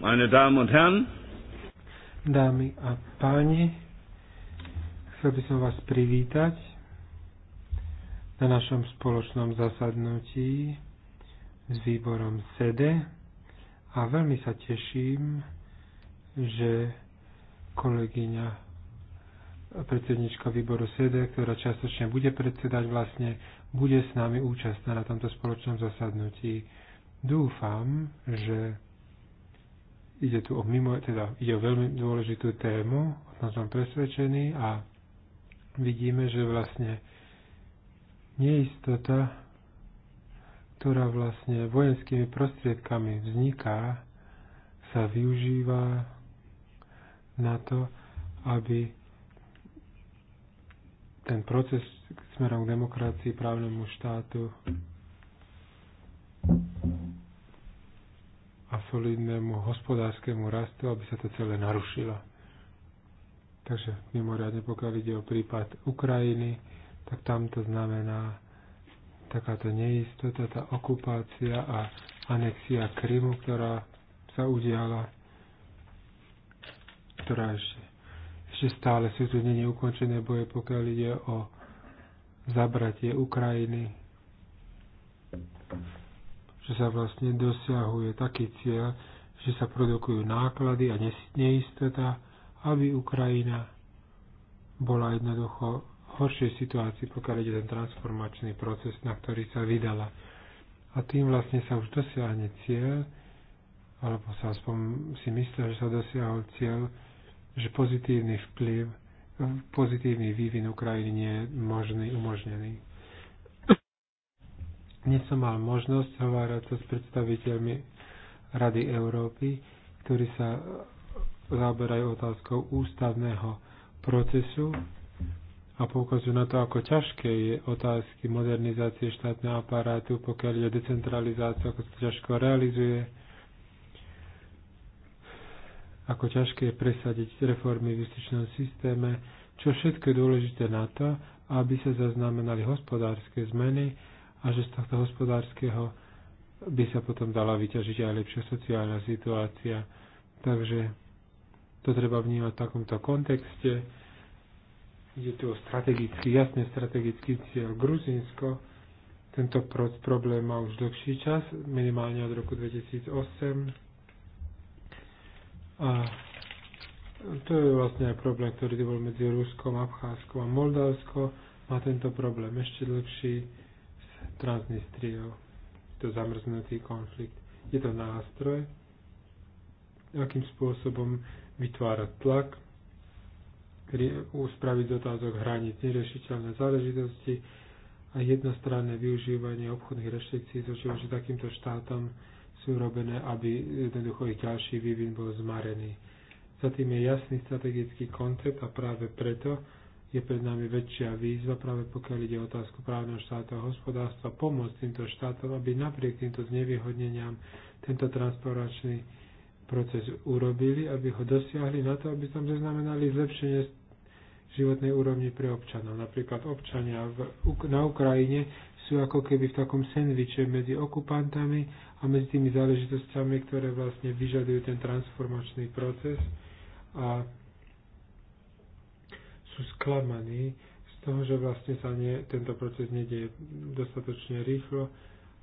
meine Damen und Herren. Dámy a páni, chcel by som vás privítať na našom spoločnom zasadnutí s výborom SEDE a veľmi sa teším, že kolegyňa predsednička výboru SEDE, ktorá častočne bude predsedať, vlastne bude s nami účastná na tomto spoločnom zasadnutí. Dúfam, že ide tu o mimo, teda ide o veľmi dôležitú tému, o tom som presvedčený a vidíme, že vlastne neistota, ktorá vlastne vojenskými prostriedkami vzniká, sa využíva na to, aby ten proces smerom k demokracii, právnemu štátu a solidnému hospodárskému rastu, aby sa to celé narušilo. Takže mimoriadne, pokiaľ ide o prípad Ukrajiny, tak tam to znamená takáto neistota, tá okupácia a anexia Krymu, ktorá sa udiala, ktorá ešte, ešte stále sú tu není ukončené boje, pokiaľ ide o zabratie Ukrajiny že sa vlastne dosiahuje taký cieľ, že sa produkujú náklady a neistota, aby Ukrajina bola jednoducho v horšej situácii, pokiaľ ide ten transformačný proces, na ktorý sa vydala. A tým vlastne sa už dosiahne cieľ, alebo sa aspoň si myslia, že sa dosiahol cieľ, že pozitívny vplyv, pozitívny vývin Ukrajiny nie je možný, umožnený. Dnes som mal možnosť hovárať sa s predstaviteľmi Rady Európy, ktorí sa zaoberajú otázkou ústavného procesu a poukazujú na to, ako ťažké je otázky modernizácie štátneho aparátu, pokiaľ je decentralizácia, ako sa to ťažko realizuje, ako ťažké je presadiť reformy v justičnom systéme, čo všetko je dôležité na to, aby sa zaznamenali hospodárske zmeny, a že z tohto hospodárskeho by sa potom dala vyťažiť aj lepšia sociálna situácia. Takže to treba vnímať v takomto kontexte. Je tu strategický, jasne strategický cieľ Gruzinsko. Tento problém má už dlhší čas, minimálne od roku 2008. A to je vlastne aj problém, ktorý bol medzi Ruskom, Abcházskom a Moldavskom. Má tento problém ešte dlhší Transnistriou. To zamrznutý konflikt. Je to nástroj, akým spôsobom vytvárať tlak, uspraviť z otázok hraníc neriešiteľné záležitosti a jednostranné využívanie obchodných reštrikcií so že takýmto štátom sú robené, aby jednoducho ich ďalší vývin bol zmarený. Za tým je jasný strategický koncept a práve preto je pred nami väčšia výzva, práve pokiaľ ide o otázku právneho štátu a hospodárstva, pomôcť týmto štátom, aby napriek týmto znevýhodneniam tento transporačný proces urobili, aby ho dosiahli na to, aby tam zaznamenali zlepšenie životnej úrovni pre občanov. Napríklad občania v, na Ukrajine sú ako keby v takom sendviče medzi okupantami a medzi tými záležitosťami, ktoré vlastne vyžadujú ten transformačný proces. A sú sklamaní z toho, že vlastne sa nie, tento proces nedieje dostatočne rýchlo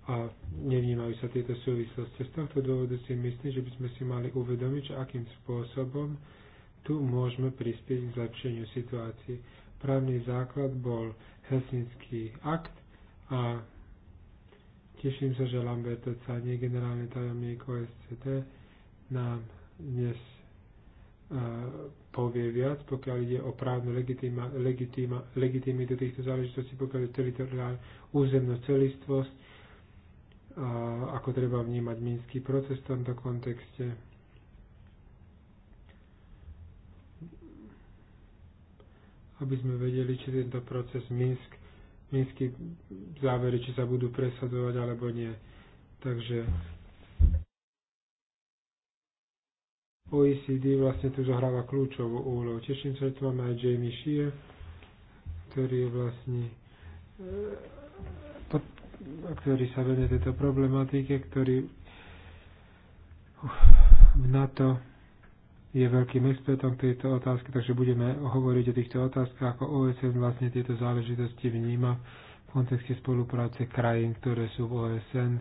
a nevnímajú sa tieto súvislosti. Z tohto dôvodu si myslím, že by sme si mali uvedomiť, že akým spôsobom tu môžeme prispieť k zlepšeniu situácie. Právny základ bol Helsinský akt a teším sa, že Lamberto Canie, generálny tajomník OSCT, nám dnes povie viac, pokiaľ ide o právnu legitima, legitima, legitimitu týchto záležitostí, pokiaľ je teritoriálne územnú celistvosť, a ako treba vnímať minský proces v tomto kontexte. Aby sme vedeli, či tento proces Minsk, Minsky závery, či sa budú presadzovať alebo nie. Takže OECD vlastne tu zohráva kľúčovú úlohu. Teším sa, že tu máme aj Jamie Shear, ktorý je vlastne e, ktorý sa venuje tejto problematike, ktorý v NATO je veľkým expertom k tejto otázke, takže budeme hovoriť o týchto otázkach, ako OSN vlastne tieto záležitosti vníma v kontexte spolupráce krajín, ktoré sú v OSN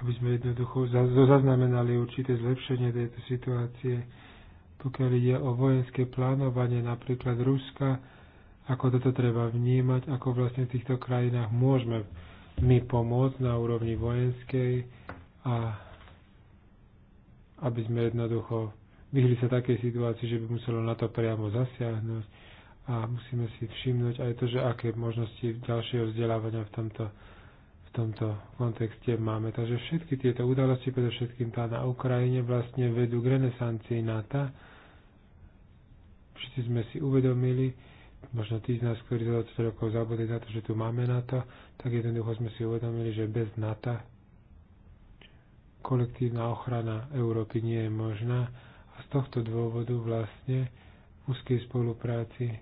aby sme jednoducho zaznamenali určité zlepšenie tejto situácie. Pokiaľ ide o vojenské plánovanie napríklad Ruska, ako toto treba vnímať, ako vlastne v týchto krajinách môžeme my pomôcť na úrovni vojenskej a aby sme jednoducho vyhli sa takej situácii, že by muselo na to priamo zasiahnuť a musíme si všimnúť aj to, že aké možnosti ďalšieho vzdelávania v tomto v tomto kontexte máme. Takže všetky tieto udalosti, predovšetkým tá na Ukrajine, vlastne vedú k renesancii NATO. Všetci sme si uvedomili, možno tí z nás, ktorí za 20 rokov zabudli na to, že tu máme NATO, tak jednoducho sme si uvedomili, že bez NATO kolektívna ochrana Európy nie je možná a z tohto dôvodu vlastne v úzkej spolupráci e,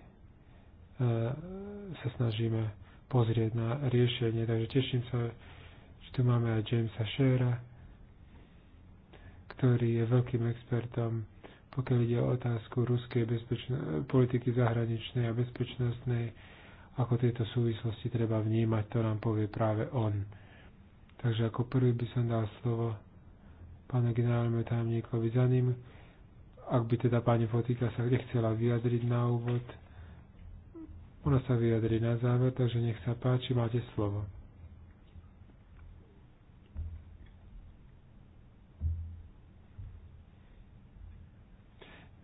sa snažíme pozrieť na riešenie. Takže teším sa, že tu máme aj Jamesa Shera, ktorý je veľkým expertom, pokiaľ ide o otázku ruskej bezpečno- politiky zahraničnej a bezpečnostnej, ako tieto súvislosti treba vnímať, to nám povie práve on. Takže ako prvý by som dal slovo pána generálnemu tajomníkovi za ním, ak by teda pani Fotika sa nechcela vyjadriť na úvod, ona sa vyjadri na záver, takže nech sa páči, máte slovo.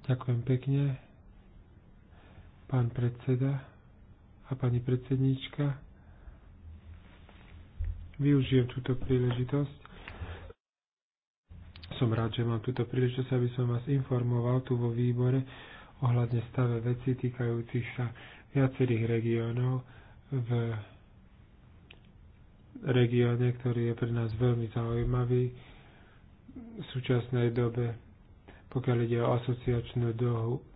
Ďakujem pekne, pán predseda a pani predsedníčka. Využijem túto príležitosť. Som rád, že mám túto príležitosť, aby som vás informoval tu vo výbore ohľadne stave veci týkajúcich sa viacerých regiónov v regióne, ktorý je pre nás veľmi zaujímavý v súčasnej dobe, pokiaľ ide o asociačnú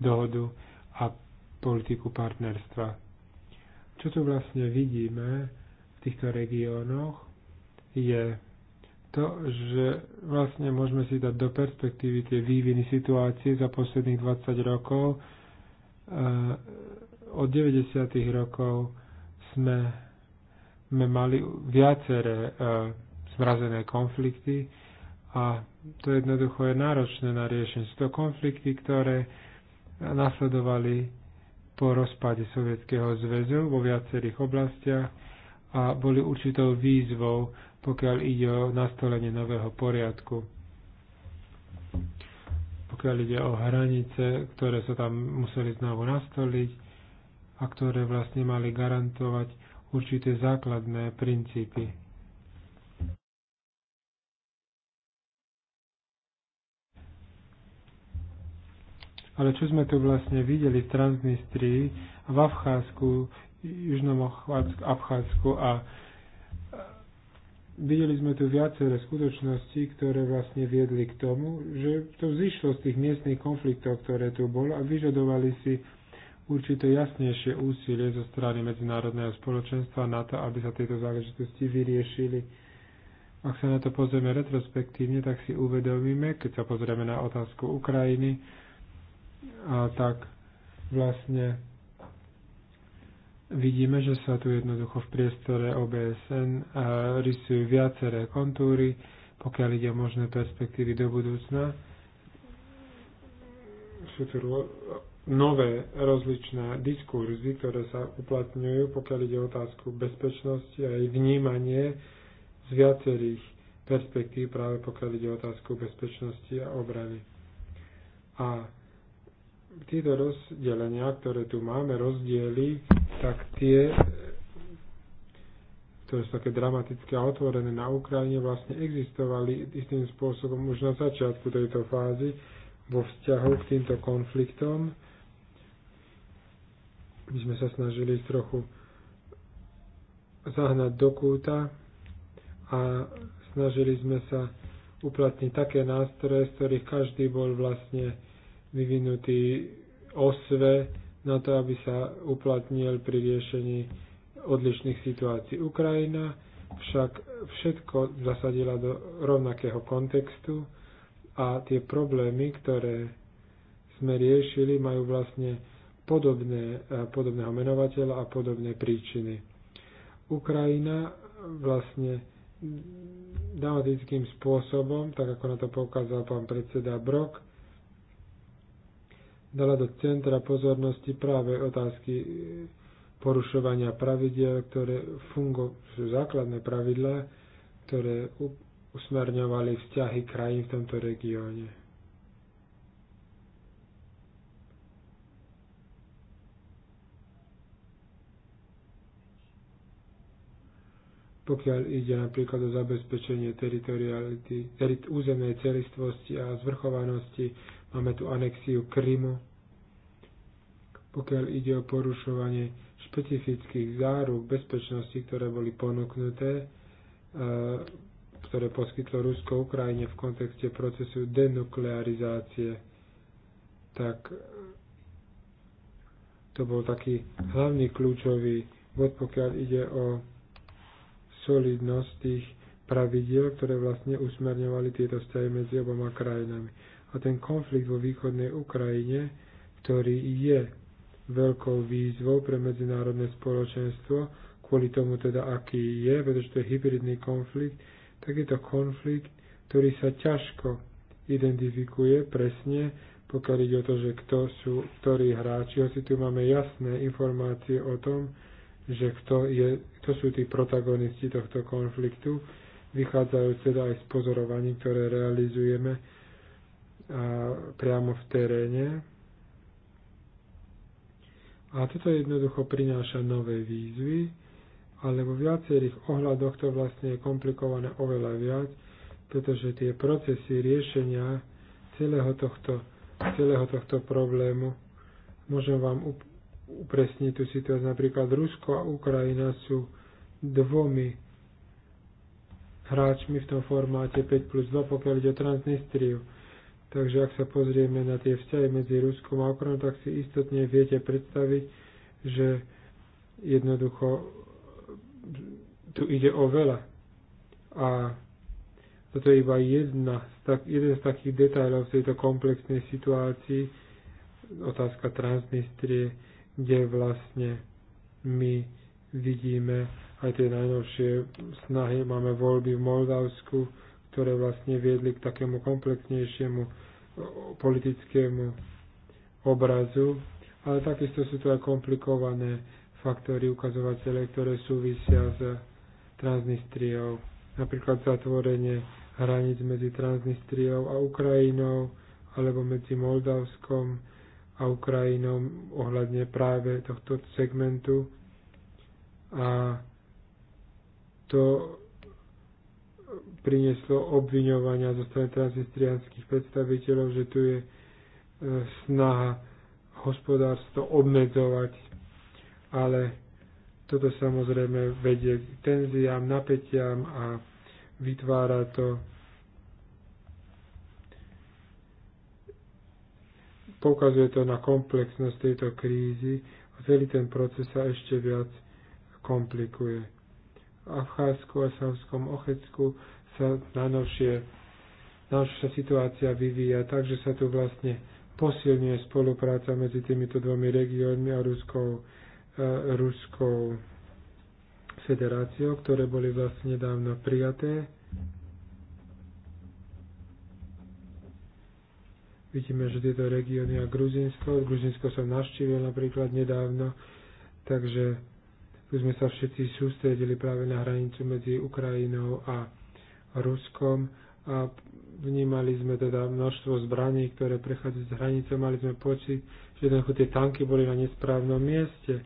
dohodu a politiku partnerstva. Čo tu vlastne vidíme v týchto regiónoch je to, že vlastne môžeme si dať do perspektívy tie výviny situácie za posledných 20 rokov, e, od 90. rokov sme, sme mali viaceré e, zmrazené konflikty a to jednoducho je náročné na riešenie. Sú to konflikty, ktoré nasledovali po rozpade Sovietskeho zväzu vo viacerých oblastiach a boli určitou výzvou, pokiaľ ide o nastolenie nového poriadku. Pokiaľ ide o hranice, ktoré sa tam museli znovu nastoliť, a ktoré vlastne mali garantovať určité základné princípy. Ale čo sme tu vlastne videli v Transnistrii, v Abcházsku, Južnom Abcházsku a videli sme tu viaceré skutočnosti, ktoré vlastne viedli k tomu, že to vzýšlo z tých miestnych konfliktov, ktoré tu bolo a vyžadovali si určité jasnejšie úsilie zo strany medzinárodného spoločenstva na to, aby sa tieto záležitosti vyriešili. Ak sa na to pozrieme retrospektívne, tak si uvedomíme, keď sa pozrieme na otázku Ukrajiny, a tak vlastne vidíme, že sa tu jednoducho v priestore OBSN e, rysujú viaceré kontúry, pokiaľ ide o možné perspektívy do budúcna. Sú tu nové rozličné diskurzy, ktoré sa uplatňujú, pokiaľ ide o otázku bezpečnosti a jej vnímanie z viacerých perspektív, práve pokiaľ ide o otázku bezpečnosti a obrany. A tieto rozdelenia, ktoré tu máme, rozdiely, tak tie, ktoré sú také dramatické a otvorené na Ukrajine, vlastne existovali istým spôsobom už na začiatku tejto fázy vo vzťahu k týmto konfliktom my sme sa snažili trochu zahnať do kúta a snažili sme sa uplatniť také nástroje, z ktorých každý bol vlastne vyvinutý osve na to, aby sa uplatnil pri riešení odlišných situácií. Ukrajina však všetko zasadila do rovnakého kontextu a tie problémy, ktoré sme riešili, majú vlastne podobné, e, podobného menovateľa a podobné príčiny. Ukrajina vlastne dramatickým spôsobom, tak ako na to poukázal pán predseda Brok, dala do centra pozornosti práve otázky e, porušovania pravidel, ktoré fungo, sú základné pravidlá, ktoré usmerňovali vzťahy krajín v tomto regióne. pokiaľ ide napríklad o zabezpečenie teritoriality, terit, územnej celistvosti a zvrchovanosti. Máme tu anexiu Krymu. Pokiaľ ide o porušovanie špecifických záruk bezpečnosti, ktoré boli ponúknuté, e, ktoré poskytlo Rusko Ukrajine v kontexte procesu denuklearizácie, tak to bol taký hlavný kľúčový bod, pokiaľ ide o solidnosť tých pravidiel, ktoré vlastne usmerňovali tieto vzťahy medzi oboma krajinami. A ten konflikt vo východnej Ukrajine, ktorý je veľkou výzvou pre medzinárodné spoločenstvo, kvôli tomu teda aký je, pretože to je hybridný konflikt, tak je to konflikt, ktorý sa ťažko identifikuje presne, pokiaľ ide o to, že kto sú ktorí hráči. Hoci tu máme jasné informácie o tom, že kto, je, kto sú tí protagonisti tohto konfliktu, Vychádzajú teda aj z pozorovaní, ktoré realizujeme a priamo v teréne. A toto jednoducho prináša nové výzvy, ale vo viacerých ohľadoch to vlastne je komplikované oveľa viac, pretože tie procesy riešenia celého tohto, celého tohto problému môžem vám upresniť tú situáciu. Napríklad Rusko a Ukrajina sú dvomi hráčmi v tom formáte 5 plus 2, pokiaľ ide o Transnistriu. Takže ak sa pozrieme na tie vzťahy medzi Ruskom a Ukrajinou, tak si istotne viete predstaviť, že jednoducho tu ide o veľa. A toto je iba jedna z tak, jeden z takých detajlov v tejto komplexnej situácii, otázka Transnistrie kde vlastne my vidíme aj tie najnovšie snahy. Máme voľby v Moldavsku, ktoré vlastne viedli k takému komplexnejšiemu politickému obrazu, ale takisto sú tu aj komplikované faktory, ukazovatele, ktoré súvisia s Transnistriou. Napríklad zatvorenie hraníc medzi Transnistriou a Ukrajinou, alebo medzi Moldavskom, a Ukrajinom ohľadne práve tohto segmentu. A to prinieslo obviňovania zo strany transistrianských predstaviteľov, že tu je e, snaha hospodárstvo obmedzovať, ale toto samozrejme vedie k tenziám, napätiam a vytvára to Poukazuje to na komplexnosť tejto krízy a celý ten proces sa ešte viac komplikuje. V Abcházsku a Savskom Ochecku sa najnovšie naša situácia vyvíja, že sa tu vlastne posilňuje spolupráca medzi týmito dvomi regiónmi a Ruskou, e, Ruskou federáciou, ktoré boli vlastne nedávno prijaté Vidíme, že tieto regióny a Gruzinsko, Gruzinsko som navštívil napríklad nedávno, takže tu sme sa všetci sústredili práve na hranicu medzi Ukrajinou a Ruskom a vnímali sme teda množstvo zbraní, ktoré prechádzajú z hranice. Mali sme pocit, že jednoducho tie tanky boli na nesprávnom mieste,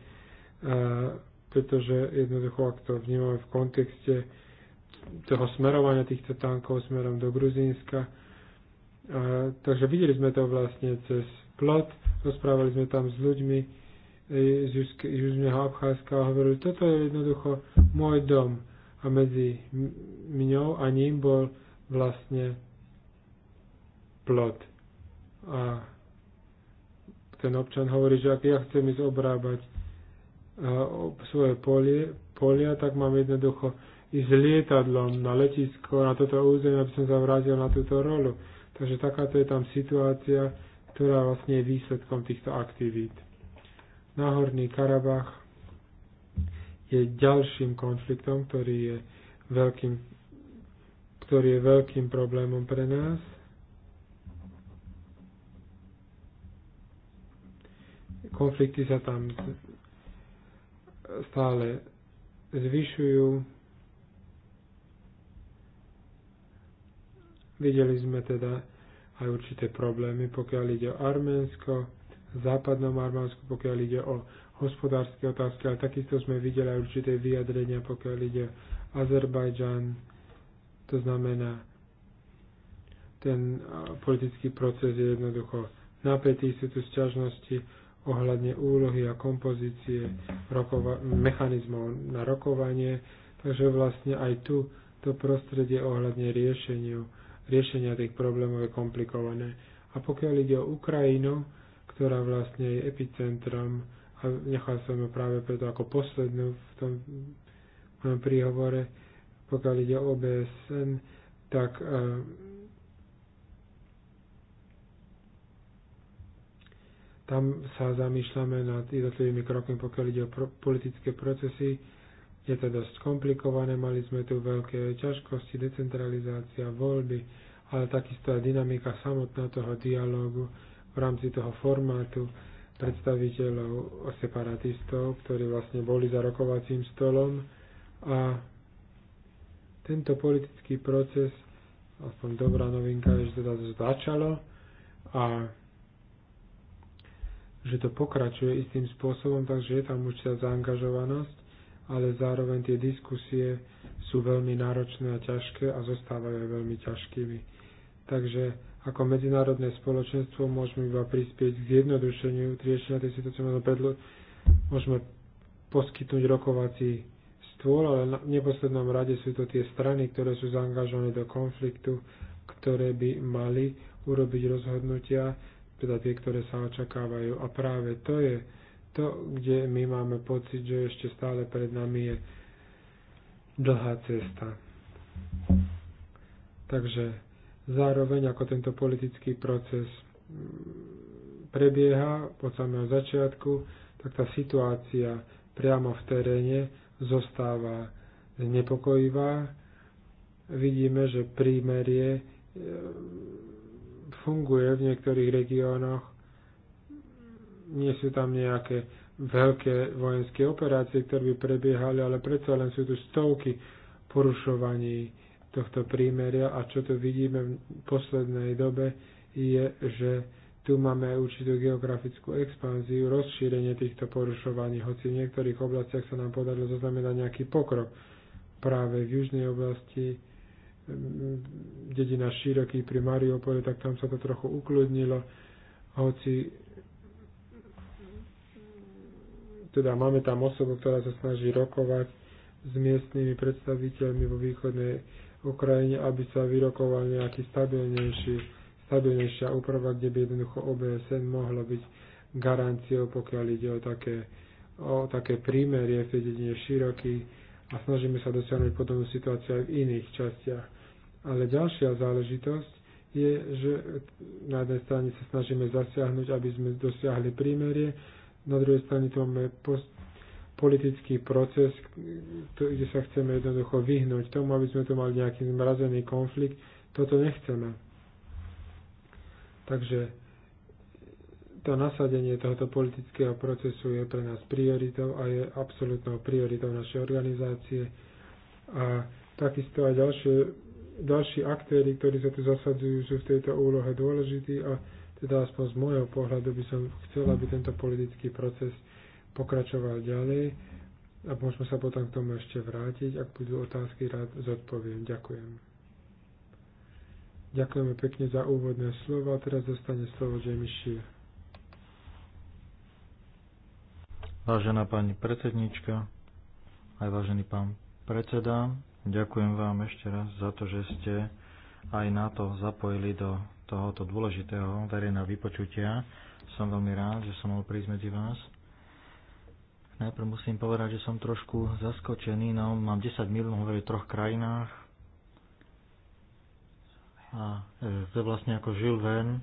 pretože jednoducho, ak to vnímame v kontexte toho smerovania týchto tankov smerom do Gruzínska, takže videli sme to vlastne cez plot, rozprávali sme tam s ľuďmi e, z Južného Abcházska a hovorili, toto je jednoducho môj dom. A medzi mňou a ním bol vlastne plot. A ten občan hovorí, že ak ja chcem ísť obrábať e, svoje polie, polia, tak mám jednoducho ísť lietadlom na letisko, na toto územie, aby som sa vrátil na túto rolu. Takže takáto je tam situácia, ktorá vlastne je výsledkom týchto aktivít. Náhorný Karabach je ďalším konfliktom, ktorý je veľkým, ktorý je veľkým problémom pre nás. Konflikty sa tam stále zvyšujú. Videli sme teda aj určité problémy, pokiaľ ide o Arménsko, západnom Arménsku, pokiaľ ide o hospodárske otázky, ale takisto sme videli aj určité vyjadrenia, pokiaľ ide o Azerbajdžan, to znamená, ten politický proces je jednoducho napätý, sú tu sťažnosti ohľadne úlohy a kompozície rokova- mechanizmov na rokovanie, takže vlastne aj tu to prostredie ohľadne riešeniu riešenia tých problémov je komplikované. A pokiaľ ide o Ukrajinu, ktorá vlastne je epicentrom, a nechal som ju práve preto ako poslednú v tom mojom príhovore, pokiaľ ide o OBSN, tak eh, tam sa zamýšľame nad jednotlivými krokmi, pokiaľ ide o pro- politické procesy. Je to dosť komplikované, mali sme tu veľké ťažkosti, decentralizácia, voľby, ale takisto aj dynamika samotná toho dialógu v rámci toho formátu predstaviteľov separatistov, ktorí vlastne boli za rokovacím stolom a tento politický proces, aspoň dobrá novinka je, že teda začalo a že to pokračuje istým spôsobom, takže je tam určitá zaangažovanosť ale zároveň tie diskusie sú veľmi náročné a ťažké a zostávajú aj veľmi ťažkými. Takže ako medzinárodné spoločenstvo môžeme iba prispieť k zjednodušeniu riešenia tej situácie, môžeme, predlo- môžeme poskytnúť rokovací stôl, ale v neposlednom rade sú to tie strany, ktoré sú zaangažované do konfliktu, ktoré by mali urobiť rozhodnutia, teda tie, ktoré sa očakávajú. A práve to je to, kde my máme pocit, že ešte stále pred nami je dlhá cesta. Takže zároveň ako tento politický proces mm, prebieha od samého začiatku, tak tá situácia priamo v teréne zostáva znepokojivá. Vidíme, že prímerie mm, funguje v niektorých regiónoch nie sú tam nejaké veľké vojenské operácie, ktoré by prebiehali, ale predsa len sú tu stovky porušovaní tohto prímeria a čo tu vidíme v poslednej dobe je, že tu máme aj určitú geografickú expanziu, rozšírenie týchto porušovaní, hoci v niektorých oblastiach sa nám podarilo zaznamenať nejaký pokrok. Práve v južnej oblasti mm, dedina Široký pri Mariupole, tak tam sa to trochu ukludnilo, hoci teda máme tam osobu, ktorá sa snaží rokovať s miestnymi predstaviteľmi vo východnej Ukrajine, aby sa vyrokoval nejaký stabilnejší, stabilnejšia úprava, kde by jednoducho OBSN mohlo byť garanciou, pokiaľ ide o také, o také prímerie v tej dedine široký a snažíme sa dosiahnuť podobnú situáciu aj v iných častiach. Ale ďalšia záležitosť je, že na jednej strane sa snažíme zasiahnuť, aby sme dosiahli prímerie, na druhej strane tu máme politický proces, kde sa chceme jednoducho vyhnúť tomu, aby sme tu mali nejaký zmrazený konflikt. Toto nechceme. Takže to nasadenie tohoto politického procesu je pre nás prioritou a je absolútnou prioritou našej organizácie. A takisto aj ďalšie, ďalší aktéry, ktorí sa tu zasadzujú, sú v tejto úlohe dôležití a teda aspoň z môjho pohľadu by som chcel, aby tento politický proces pokračoval ďalej a môžeme sa potom k tomu ešte vrátiť. Ak budú otázky, rád zodpoviem. Ďakujem. Ďakujeme pekne za úvodné slovo a teraz zostane slovo Jamie Shear. Vážená pani predsednička, aj vážený pán predseda, ďakujem vám ešte raz za to, že ste aj na to zapojili do tohoto dôležitého verejného vypočutia. Som veľmi rád, že som mohol prísť medzi vás. Najprv musím povedať, že som trošku zaskočený. No, mám 10 miliónov hovoriť v troch krajinách. A e, to vlastne ako žil ven.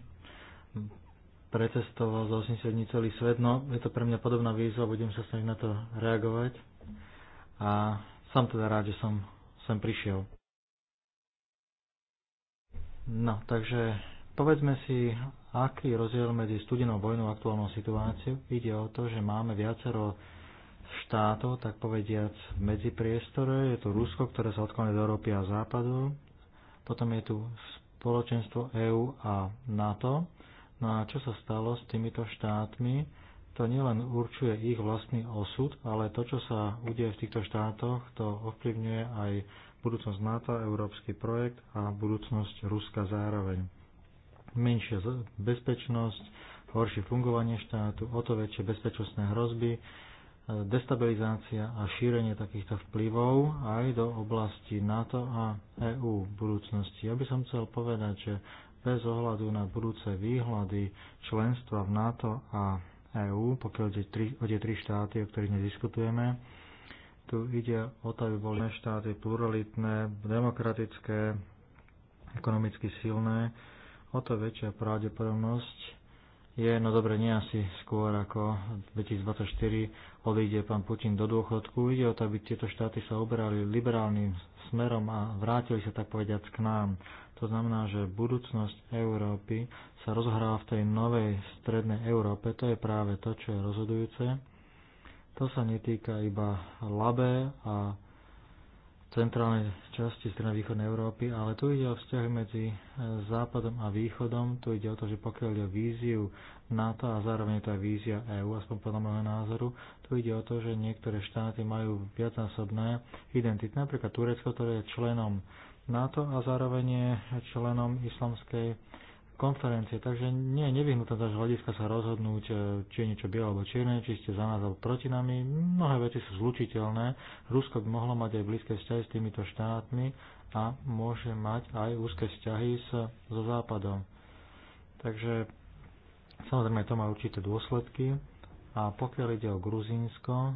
Precestoval za 80 dní celý svet. No, je to pre mňa podobná výzva, budem sa snažiť na to reagovať. A som teda rád, že som sem prišiel. No, takže povedzme si, aký rozdiel medzi studenou vojnou a aktuálnou situáciou. Ide o to, že máme viacero štátov, tak povediac, medzi medzipriestore. Je tu Rusko, ktoré sa odkonuje do Európy a Západu. Potom je tu spoločenstvo EÚ a NATO. No a čo sa stalo s týmito štátmi? To nielen určuje ich vlastný osud, ale to, čo sa udeje v týchto štátoch, to ovplyvňuje aj budúcnosť NATO, európsky projekt a budúcnosť Ruska zároveň. Menšia bezpečnosť, horšie fungovanie štátu, o to väčšie bezpečnostné hrozby, e, destabilizácia a šírenie takýchto vplyvov aj do oblasti NATO a EÚ v budúcnosti. Ja by som chcel povedať, že bez ohľadu na budúce výhľady členstva v NATO a EÚ, pokiaľ ide o tie tri štáty, o ktorých nediskutujeme, diskutujeme, tu ide o to, aby boli štáty pluralitné, demokratické, ekonomicky silné. O to väčšia pravdepodobnosť je, no dobre, nie asi skôr ako 2024 odíde pán Putin do dôchodku. Ide o to, aby tieto štáty sa uberali liberálnym smerom a vrátili sa tak povediať k nám. To znamená, že budúcnosť Európy sa rozhráva v tej novej strednej Európe. To je práve to, čo je rozhodujúce. To sa netýka iba Labe a centrálnej časti strany východnej Európy, ale tu ide o vzťahy medzi e, západom a východom. Tu ide o to, že pokiaľ je víziu NATO a zároveň je to aj vízia EÚ, aspoň podľa môjho názoru, tu ide o to, že niektoré štáty majú viacnásobné identity, napríklad Turecko, ktoré je členom NATO a zároveň je členom islamskej konferencie, takže nie je nevyhnutné z hľadiska sa rozhodnúť, e, či je niečo biele alebo čierne, či ste za nás alebo proti nami. Mnohé veci sú zlučiteľné. Rusko by mohlo mať aj blízke vzťahy s týmito štátmi a môže mať aj úzke vzťahy s, so Západom. Takže samozrejme to má určité dôsledky a pokiaľ ide o Gruzínsko,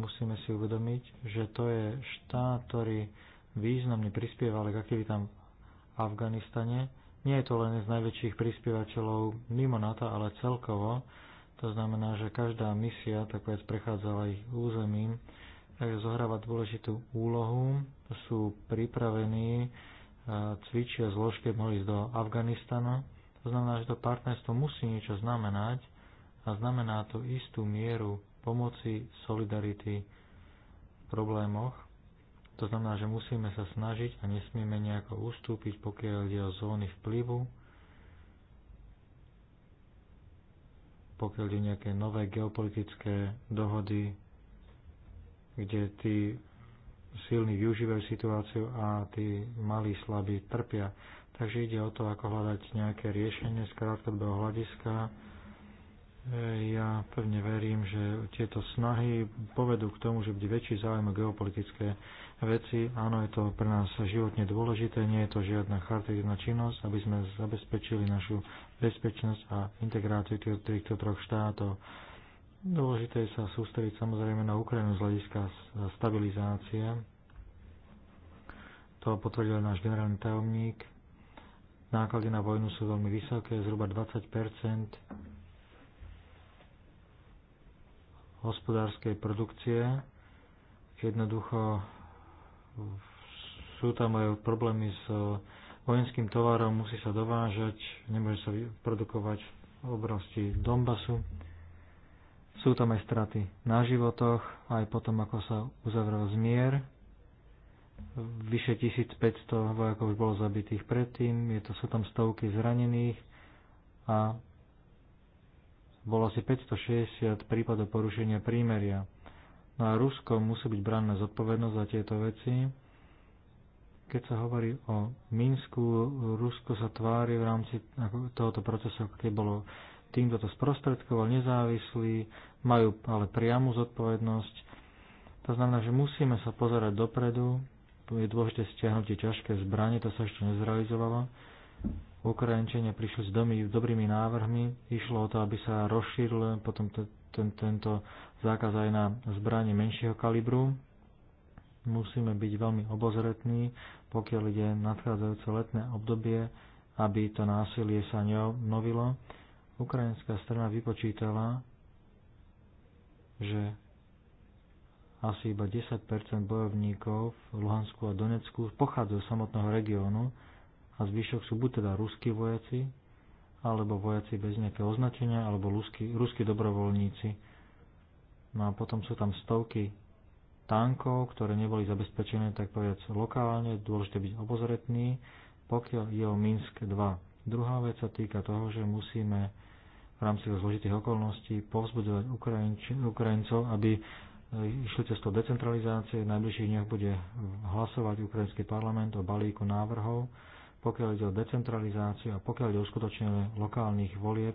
musíme si uvedomiť, že to je štát, ktorý významne prispieval k aktivitám v Afganistane nie je to len z najväčších prispievateľov mimo NATO, ale celkovo. To znamená, že každá misia, tak povedz, prechádzala ich územím, takže zohráva dôležitú úlohu. Sú pripravení, e, cvičia zložky, mohli ísť do Afganistanu. To znamená, že to partnerstvo musí niečo znamenať a znamená to istú mieru pomoci, solidarity v problémoch to znamená, že musíme sa snažiť a nesmieme nejako ustúpiť, pokiaľ ide o zóny vplyvu, pokiaľ ide o nejaké nové geopolitické dohody, kde tí silní využívajú situáciu a tí malí slabí trpia. Takže ide o to, ako hľadať nejaké riešenie z krátkodobého hľadiska. E, ja pevne verím, že tieto snahy povedú k tomu, že bude väčší záujem o geopolitické veci. Áno, je to pre nás životne dôležité, nie je to žiadna charakteristická činnosť, aby sme zabezpečili našu bezpečnosť a integráciu týchto troch štátov. Dôležité je sa sústrediť samozrejme na Ukrajinu z hľadiska stabilizácie. To potvrdil náš generálny tajomník. Náklady na vojnu sú veľmi vysoké, zhruba 20 hospodárskej produkcie. Jednoducho sú tam aj problémy s eh, vojenským tovarom, musí sa dovážať, nemôže sa produkovať v oblasti Donbasu. Sú tam aj straty na životoch, aj potom, ako sa uzavrel zmier. Vyše 1500 vojakov už bolo zabitých predtým, je to, sú tam stovky zranených a bolo asi 560 prípadov porušenia prímeria. No a Rusko musí byť brané zodpovednosť za tieto veci. Keď sa hovorí o Minsku, Rusko sa tvári v rámci tohoto procesu, ako keď bolo tým, kto to sprostredkoval, nezávislý, majú ale priamu zodpovednosť. To znamená, že musíme sa pozerať dopredu, je dôležité stiahnutie ťažké zbranie, to sa ešte nezrealizovalo. Ukrajinčania prišli s domy, dobrými návrhmi, išlo o to, aby sa rozšírilo potom ten, tento zákaz aj na zbranie menšieho kalibru. Musíme byť veľmi obozretní, pokiaľ ide nadchádzajúce letné obdobie, aby to násilie sa neobnovilo. Ukrajinská strana vypočítala, že asi iba 10 bojovníkov v Luhansku a Donecku pochádzajú z samotného regiónu a zvyšok sú buď teda ruskí vojaci, alebo vojaci bez nejakého označenia, alebo ruskí, ruskí dobrovoľníci. No a potom sú tam stovky tankov, ktoré neboli zabezpečené, tak povedať, lokálne, dôležité byť obozretný, pokiaľ je o Minsk 2. Druhá vec sa týka toho, že musíme v rámci zložitých okolností povzbudzovať Ukrajincov, aby e, išli cestou decentralizácie. V najbližších dňoch bude hlasovať Ukrajinský parlament o balíku návrhov, pokiaľ ide o decentralizáciu a pokiaľ ide o uskutočnenie lokálnych volieb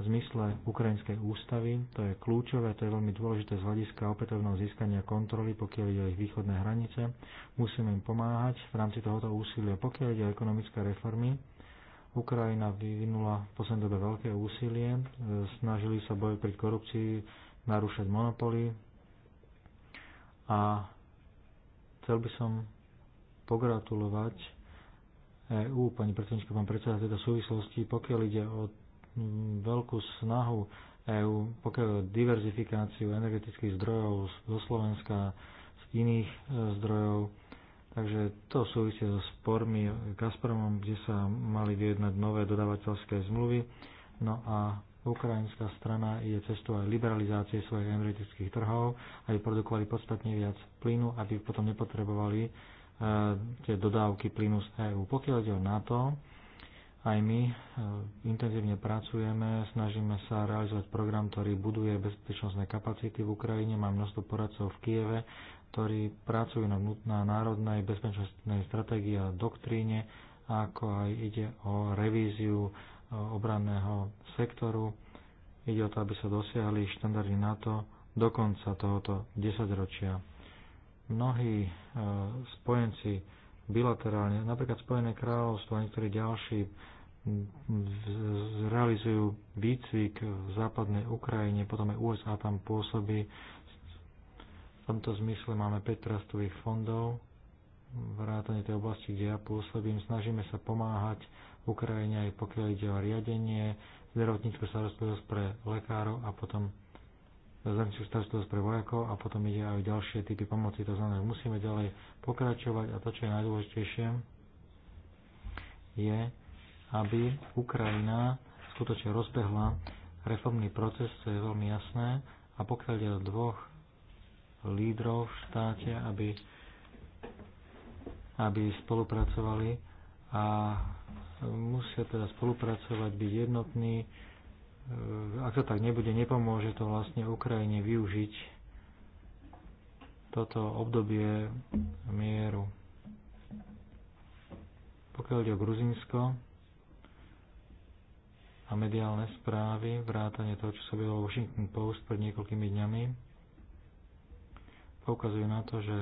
v zmysle ukrajinskej ústavy. To je kľúčové, to je veľmi dôležité z hľadiska opätovného získania kontroly, pokiaľ ide o ich východné hranice. Musíme im pomáhať v rámci tohoto úsilia. Pokiaľ ide o ekonomické reformy, Ukrajina vyvinula v poslednej dobe veľké úsilie, e, snažili sa boj pri korupcii, narušať monopoly a chcel by som pogratulovať EÚ. Pani predsednička, pán predseda, v tejto súvislosti, pokiaľ ide o mm, veľkú snahu EÚ, pokiaľ ide o diverzifikáciu energetických zdrojov zo Slovenska, z iných e, zdrojov, Takže to súvisí so spormi Gazpromom, kde sa mali vyjednať nové dodavateľské zmluvy. No a ukrajinská strana je cestou aj liberalizácie svojich energetických trhov, aby produkovali podstatne viac plynu, aby potom nepotrebovali tie dodávky plynu z EÚ. Pokiaľ ide o NATO, aj my e, intenzívne pracujeme, snažíme sa realizovať program, ktorý buduje bezpečnostné kapacity v Ukrajine. Mám množstvo poradcov v Kieve, ktorí pracujú na, na národnej bezpečnostnej stratégii a doktríne, ako aj ide o revíziu e, obranného sektoru. Ide o to, aby sa dosiahli štandardy NATO do konca tohoto desaťročia mnohí e, spojenci bilaterálne, napríklad Spojené kráľovstvo a niektorí ďalší realizujú výcvik v západnej Ukrajine, potom aj USA tam pôsobí. V tomto zmysle máme 5 trastových fondov, vrátane tej oblasti, kde ja pôsobím. Snažíme sa pomáhať Ukrajine aj pokiaľ ide o riadenie, zdravotníckú starostlivosť pre lekárov a potom zahraničnú starostlivosť pre vojakov a potom ide aj ďalšie typy pomoci. To znamená, že musíme ďalej pokračovať a to, čo je najdôležitejšie, je, aby Ukrajina skutočne rozbehla reformný proces, to je veľmi jasné, a pokiaľ je dvoch lídrov v štáte, aby, aby spolupracovali a musia teda spolupracovať, byť jednotní, E, ak to tak nebude, nepomôže to vlastne Ukrajine využiť toto obdobie mieru. Pokiaľ ide o Gruzinsko a mediálne správy, vrátane toho, čo sa bylo Washington Post pred niekoľkými dňami, poukazujú na to, že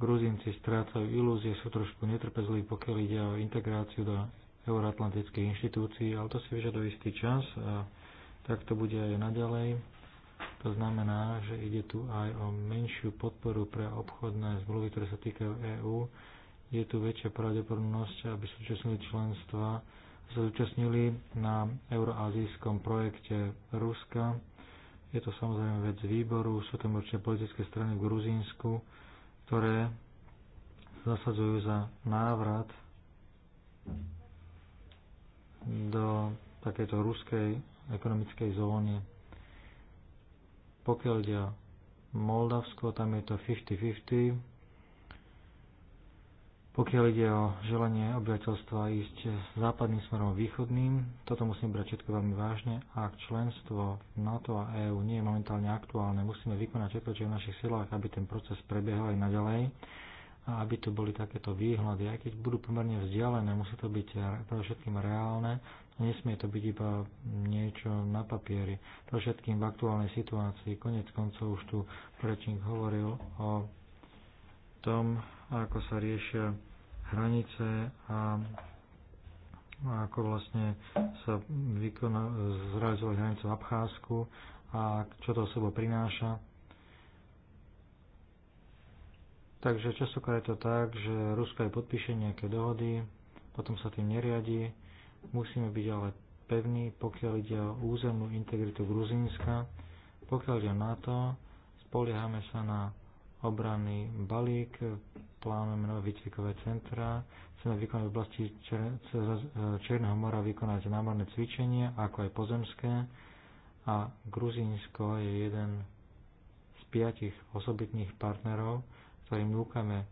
Gruzinci strácajú ilúzie, sú trošku netrpezliví, pokiaľ ide o integráciu do euroatlantických inštitúcií, ale to si vyžaduje istý čas a tak to bude aj naďalej. To znamená, že ide tu aj o menšiu podporu pre obchodné zmluvy, ktoré sa týkajú EÚ. Je tu väčšia pravdepodobnosť, aby súčasnili členstva sa zúčastnili na euroazijskom projekte Ruska. Je to samozrejme vec výboru, sú tam určite politické strany v Gruzínsku, ktoré zasadzujú za návrat do takéto ruskej ekonomickej zóny. Pokiaľ ide o Moldavsko, tam je to 50-50. Pokiaľ ide o želanie obyvateľstva ísť západným smerom východným, toto musíme brať všetko veľmi vážne. Ak členstvo NATO a EÚ nie je momentálne aktuálne, musíme vykonať všetko, čo je v našich silách, aby ten proces prebiehal aj naďalej a aby tu boli takéto výhľady, aj keď budú pomerne vzdialené, musí to byť pre všetkým reálne, nesmie to byť iba niečo na papieri, pre všetkým v aktuálnej situácii. Konec koncov už tu Prečink hovoril o tom, ako sa riešia hranice a ako vlastne sa zrealizovať zrealizovali hranice v Abcházku a čo to sebo prináša. Takže častokrát je to tak, že Rusko aj podpíše nejaké dohody, potom sa tým neriadi. Musíme byť ale pevní, pokiaľ ide o územnú integritu Gruzínska. Pokiaľ ide o NATO, spoliehame sa na obranný balík, plánujeme nové výcvikové centra, chceme vykonať v oblasti Čer- Černého mora vykonať námorné cvičenie, ako aj pozemské a Gruzínsko je jeden z piatich osobitných partnerov, ktorým núkame e,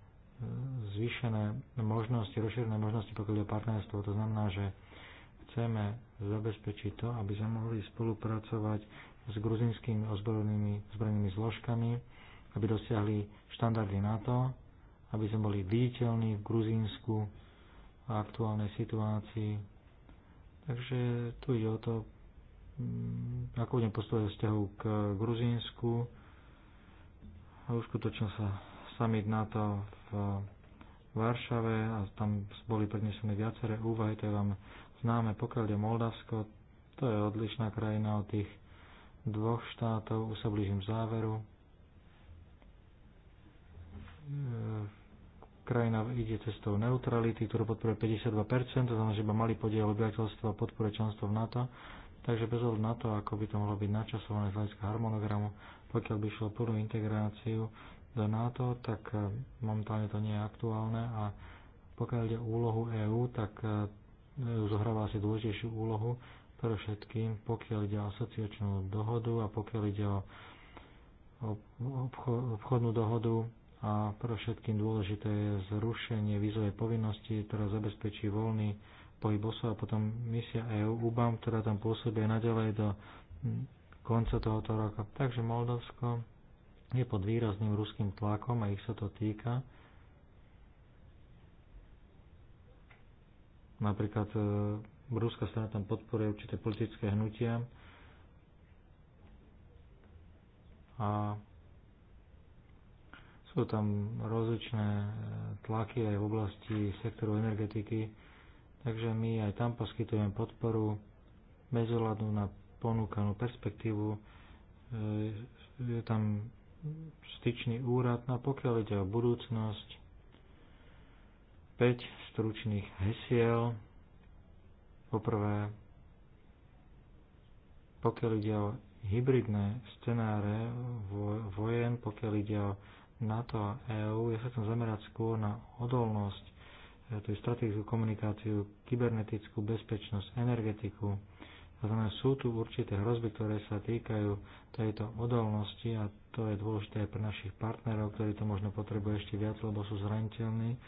zvýšené možnosti, rozšírené možnosti, pokiaľ je partnerstvo. To znamená, že chceme zabezpečiť to, aby sme mohli spolupracovať s gruzinskými ozbrojenými zbrojnými zložkami, aby dosiahli štandardy NATO, aby sme boli viditeľní v Gruzínsku a aktuálnej situácii. Takže tu ide o to, mm, ako budem postupovať vzťahu k Gruzínsku a skutočne sa summit NATO v Varšave a tam boli prednesené viaceré úvahy, to je vám známe, pokiaľ je Moldavsko, to je odlišná krajina od tých dvoch štátov, už sa blížim záveru. E, krajina ide cestou neutrality, ktorú podporuje 52%, to znamená, že iba malý podiel obyvateľstva podporuje členstvo v NATO, takže bez ohľadu na to, ako by to mohlo byť načasované z hľadiska harmonogramu, pokiaľ by išlo plnú integráciu, do NATO, tak eh, momentálne to nie je aktuálne a pokiaľ ide o úlohu EÚ, tak eh, EÚ zohráva asi dôležitejšiu úlohu pre všetkým, pokiaľ ide o asociačnú dohodu a pokiaľ ide o obchodnú dohodu a pre všetkým dôležité je zrušenie vízovej povinnosti, ktorá zabezpečí voľný pohyb osôb a potom misia EU UBAM, ktorá tam pôsobí naďalej do hm, konca tohoto roka. Takže Moldavsko je pod výrazným ruským tlakom a ich sa to týka. Napríklad e, ruská strana tam podporuje určité politické hnutia a sú tam rozličné e, tlaky aj v oblasti sektoru energetiky, takže my aj tam poskytujeme podporu bez ohľadu na ponúkanú perspektívu. E, je tam styčný úrad, no pokiaľ ide o budúcnosť, 5 stručných hesiel. Poprvé, pokiaľ ide o hybridné scenáre vojen, pokiaľ ide o NATO a EU, ja sa chcem zamerať skôr na odolnosť, e, tú strategickú komunikáciu, kybernetickú bezpečnosť, energetiku, to znamená, sú tu určité hrozby, ktoré sa týkajú tejto odolnosti a to je dôležité aj pre našich partnerov, ktorí to možno potrebujú ešte viac, lebo sú zraniteľní.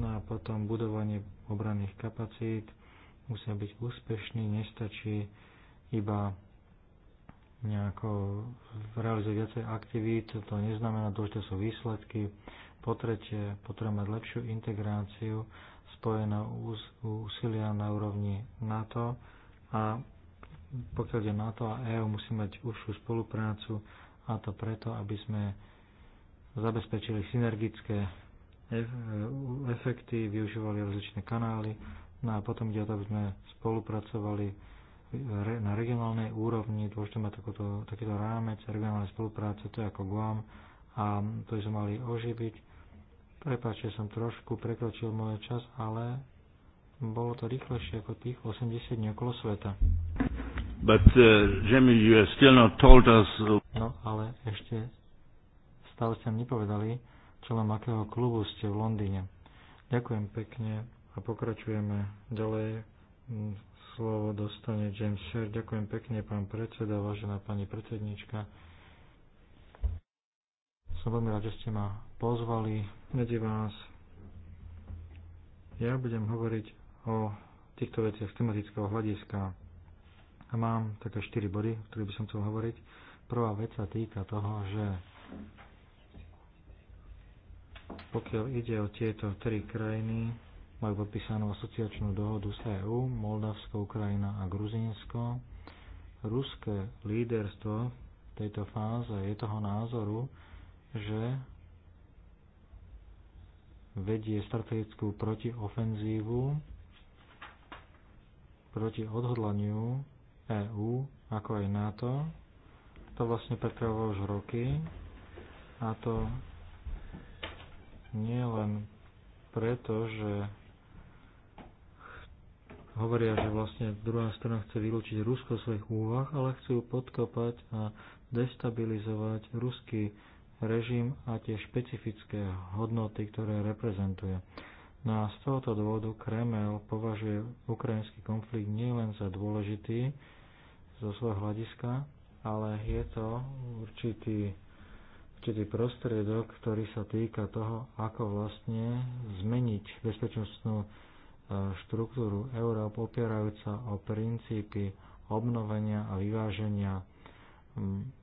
No a potom budovanie obranných kapacít musia byť úspešný, nestačí iba nejako realizovať viacej aktivít, to neznamená, dôležité sú výsledky. Po tretie, potrebujeme mať lepšiu integráciu spojená úsilia na úrovni NATO a pokiaľ je NATO a EÚ, musí mať užšiu spoluprácu a to preto, aby sme zabezpečili synergické e, efekty, využívali rozličné kanály, no a potom ide o to, aby sme spolupracovali e, na regionálnej úrovni, dôležité mať takúto, takýto rámec regionálnej spolupráce, to je ako Guam, a to sme mali oživiť. Prepáčte, som trošku prekročil môj čas, ale bolo to rýchlejšie ako tých 80 dní okolo sveta. But uh, Jimmy, you have still not told us... No, ale ešte stále ste nepovedali, členom akého klubu ste v Londýne. Ďakujem pekne a pokračujeme ďalej. Mm, slovo dostane James Sher. Ďakujem pekne, pán predseda, vážená pani predsednička. Som veľmi rád, že ste ma pozvali medzi vás. Ja budem hovoriť o týchto veciach z tematického hľadiska. A mám také 4 body, o ktorých by som chcel hovoriť. Prvá vec sa týka toho, že pokiaľ ide o tieto tri krajiny, majú podpísanú asociačnú dohodu s EU, Moldavsko, Ukrajina a Gruzínsko. Ruské líderstvo v tejto fáze je toho názoru, že vedie strategickú protiofenzívu proti odhodlaniu EÚ, ako aj NATO. To vlastne pretrvalo už roky a to nie len preto, že hovoria, že vlastne druhá strana chce vylúčiť Rusko z svojich úvah, ale chcú podkopať a destabilizovať ruský režim a tie špecifické hodnoty, ktoré reprezentuje. No a z tohoto dôvodu Kreml považuje ukrajinský konflikt nielen za dôležitý, zo svojho hľadiska, ale je to určitý, určitý prostriedok, ktorý sa týka toho, ako vlastne zmeniť bezpečnostnú e, štruktúru Európ opierajúca o princípy obnovenia a vyváženia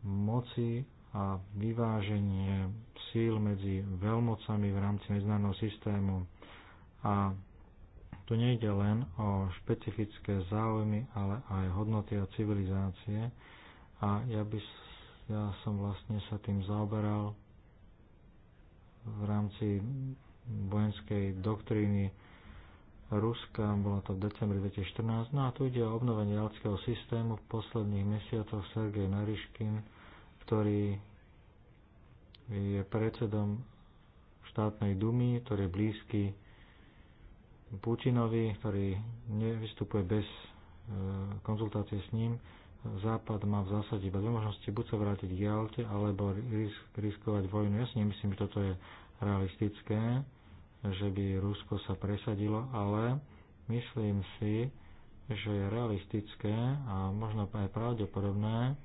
moci a vyváženie síl medzi veľmocami v rámci medzinárodného systému. A tu nejde len o špecifické záujmy, ale aj hodnoty a civilizácie. A ja, by, ja som vlastne sa tým zaoberal v rámci vojenskej doktríny Ruska, bolo to v decembri 2014. No a tu ide o obnovenie jalského systému. V posledných mesiacoch Sergej Nariškin, ktorý je predsedom štátnej dumy, ktorý je blízky Putinovi, ktorý nevystupuje bez e, konzultácie s ním. Západ má v zásade iba dve možnosti, buď sa vrátiť k Jalte, alebo risk, riskovať vojnu. Ja si nemyslím, že toto je realistické, že by Rusko sa presadilo, ale myslím si, že je realistické a možno aj pravdepodobné,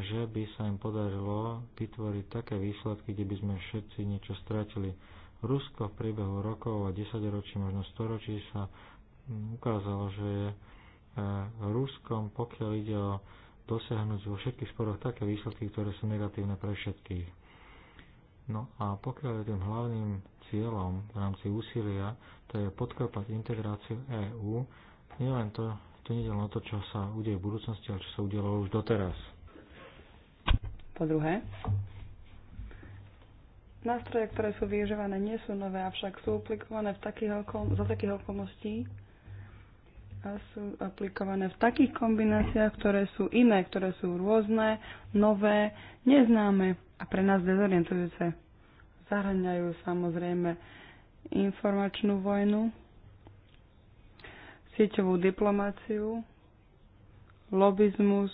že by sa im podarilo vytvoriť také výsledky, kde by sme všetci niečo stratili. Rusko v priebehu rokov a desaťročí, možno storočí sa mm, ukázalo, že je e, Ruskom, pokiaľ ide o dosiahnuť vo všetkých sporoch také výsledky, ktoré sú negatívne pre všetkých. No a pokiaľ je tým hlavným cieľom v rámci úsilia, to je podkopať integráciu EÚ, nielen to, to nie len to, čo sa udeje v budúcnosti, ale čo sa udialo už doteraz. Po druhé, Nástroje, ktoré sú využívané, nie sú nové, avšak sú aplikované v takých okol- za takých okolností a sú aplikované v takých kombináciách, ktoré sú iné, ktoré sú rôzne, nové, neznáme a pre nás dezorientujúce. Zahraňajú samozrejme informačnú vojnu, sieťovú diplomáciu, lobizmus,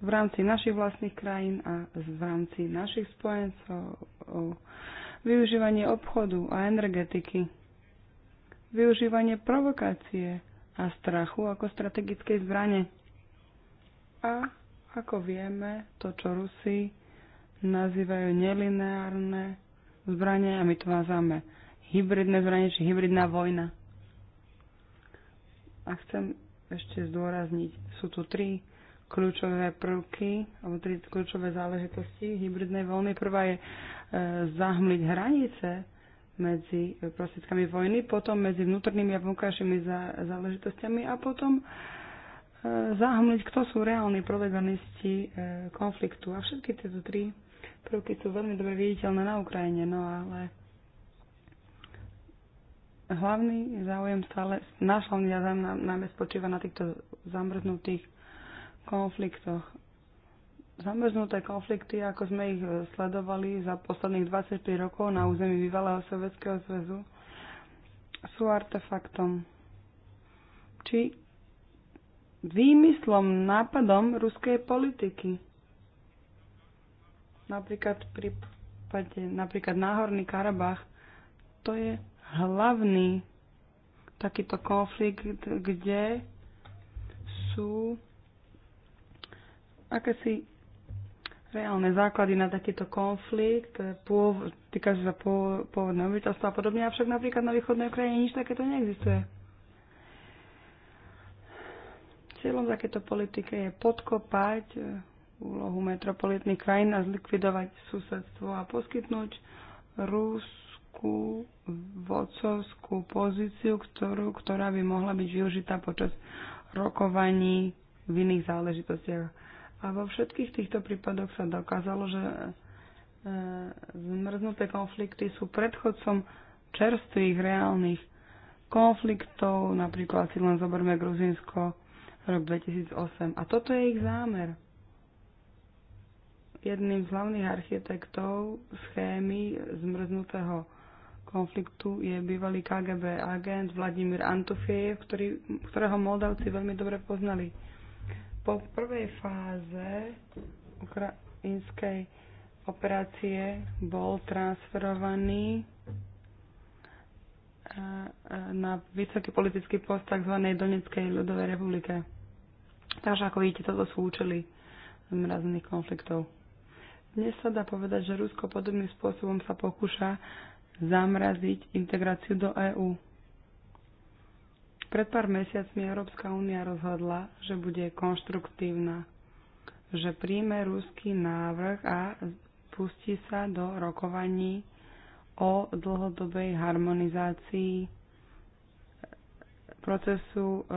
v rámci našich vlastných krajín a v rámci našich spojencov, využívanie obchodu a energetiky, využívanie provokácie a strachu ako strategickej zbrane. A ako vieme, to, čo Rusi nazývajú nelineárne zbranie a my to nazývame hybridné zbranie či hybridná vojna. A chcem ešte zdôrazniť, sú tu tri kľúčové prvky, alebo tri kľúčové záležitosti hybridnej vojny. Prvá je e, zahmliť hranice medzi prostriedkami vojny, potom medzi vnútornými a vonkajšími záležitostiami a potom e, zahmliť, kto sú reálni protagonisti e, konfliktu. A všetky tieto tri prvky sú veľmi dobre viditeľné na Ukrajine, no ale hlavný záujem stále, náš hlavný záujem najmä spočíva na týchto zamrznutých konfliktoch. Zamrznuté konflikty, ako sme ich e, sledovali za posledných 25 rokov na území bývalého Sovjetského zväzu, sú artefaktom. Či výmyslom, nápadom ruskej politiky. Napríklad v prípade, napríklad Náhorný Karabach, to je hlavný takýto konflikt, kde sú akési reálne základy na takýto konflikt, pôvod, týka sa pô, pôvodného obyvateľstva a podobne, avšak napríklad na východnej Ukrajine nič takéto neexistuje. Cieľom takéto politiky je podkopať e, úlohu metropolitných krajín a zlikvidovať susedstvo a poskytnúť rúskú vodcovskú pozíciu, ktorú, ktorá by mohla byť využitá počas rokovaní v iných záležitostiach a vo všetkých týchto prípadoch sa dokázalo, že e, zmrznuté konflikty sú predchodcom čerstvých reálnych konfliktov, napríklad si len zoberme Gruzinsko rok 2008. A toto je ich zámer. Jedným z hlavných architektov schémy zmrznutého konfliktu je bývalý KGB agent Vladimír Antofiejev, ktorý, ktorého Moldavci veľmi dobre poznali. Po prvej fáze ukrajinskej operácie bol transferovaný e, e, na vysoký politický post tzv. Donetskej ľudovej republike. Takže ako vidíte, toto sú účely mrazených konfliktov. Dnes sa dá povedať, že Rusko podobným spôsobom sa pokúša zamraziť integráciu do EÚ. Pred pár mesiacmi Európska únia rozhodla, že bude konštruktívna, že príjme ruský návrh a pustí sa do rokovaní o dlhodobej harmonizácii procesu e,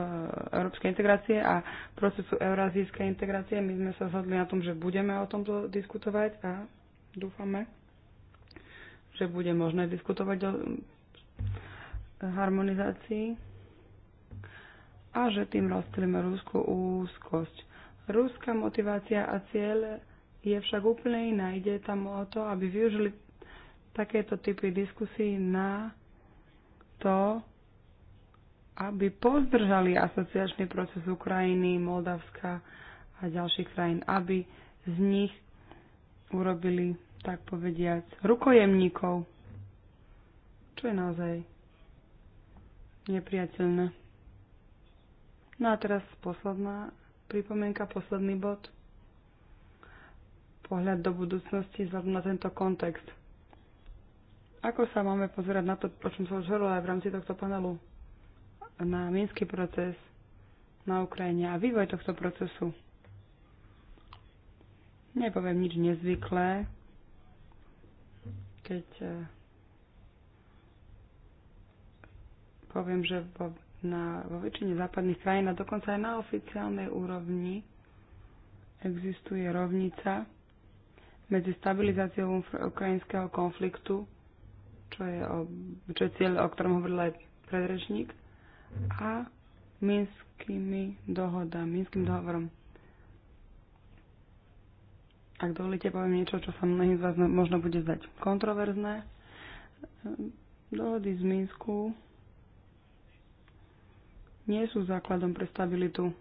európskej integrácie a procesu eurázijskej integrácie. My sme sa zhodli na tom, že budeme o tomto diskutovať a dúfame, že bude možné diskutovať o harmonizácii a že tým rozptýlime rúskú úzkosť. Rúská motivácia a cieľ je však úplne iná. Ide tam o to, aby využili takéto typy diskusí na to, aby pozdržali asociačný proces Ukrajiny, Moldavska a ďalších krajín, aby z nich urobili, tak povediac, rukojemníkov, čo je naozaj nepriateľné. No a teraz posledná pripomienka, posledný bod. Pohľad do budúcnosti vzhľadom na tento kontext. Ako sa máme pozerať na to, o čom sa už hovorila aj v rámci tohto panelu? Na minský proces na Ukrajine a vývoj tohto procesu. Nepoviem nič nezvyklé, keď eh, poviem, že vo na, vo väčšine západných krajín a dokonca aj na oficiálnej úrovni existuje rovnica medzi stabilizáciou ukrajinského konfliktu, čo je, o, čo je cieľ, o ktorom hovoril aj predrečník, a minskými dohodami, minským dohovorom. Ak dovolíte, poviem niečo, čo sa mnohým z vás možno bude zdať kontroverzné. Dohody z Minsku nie sú základom pre stabilitu.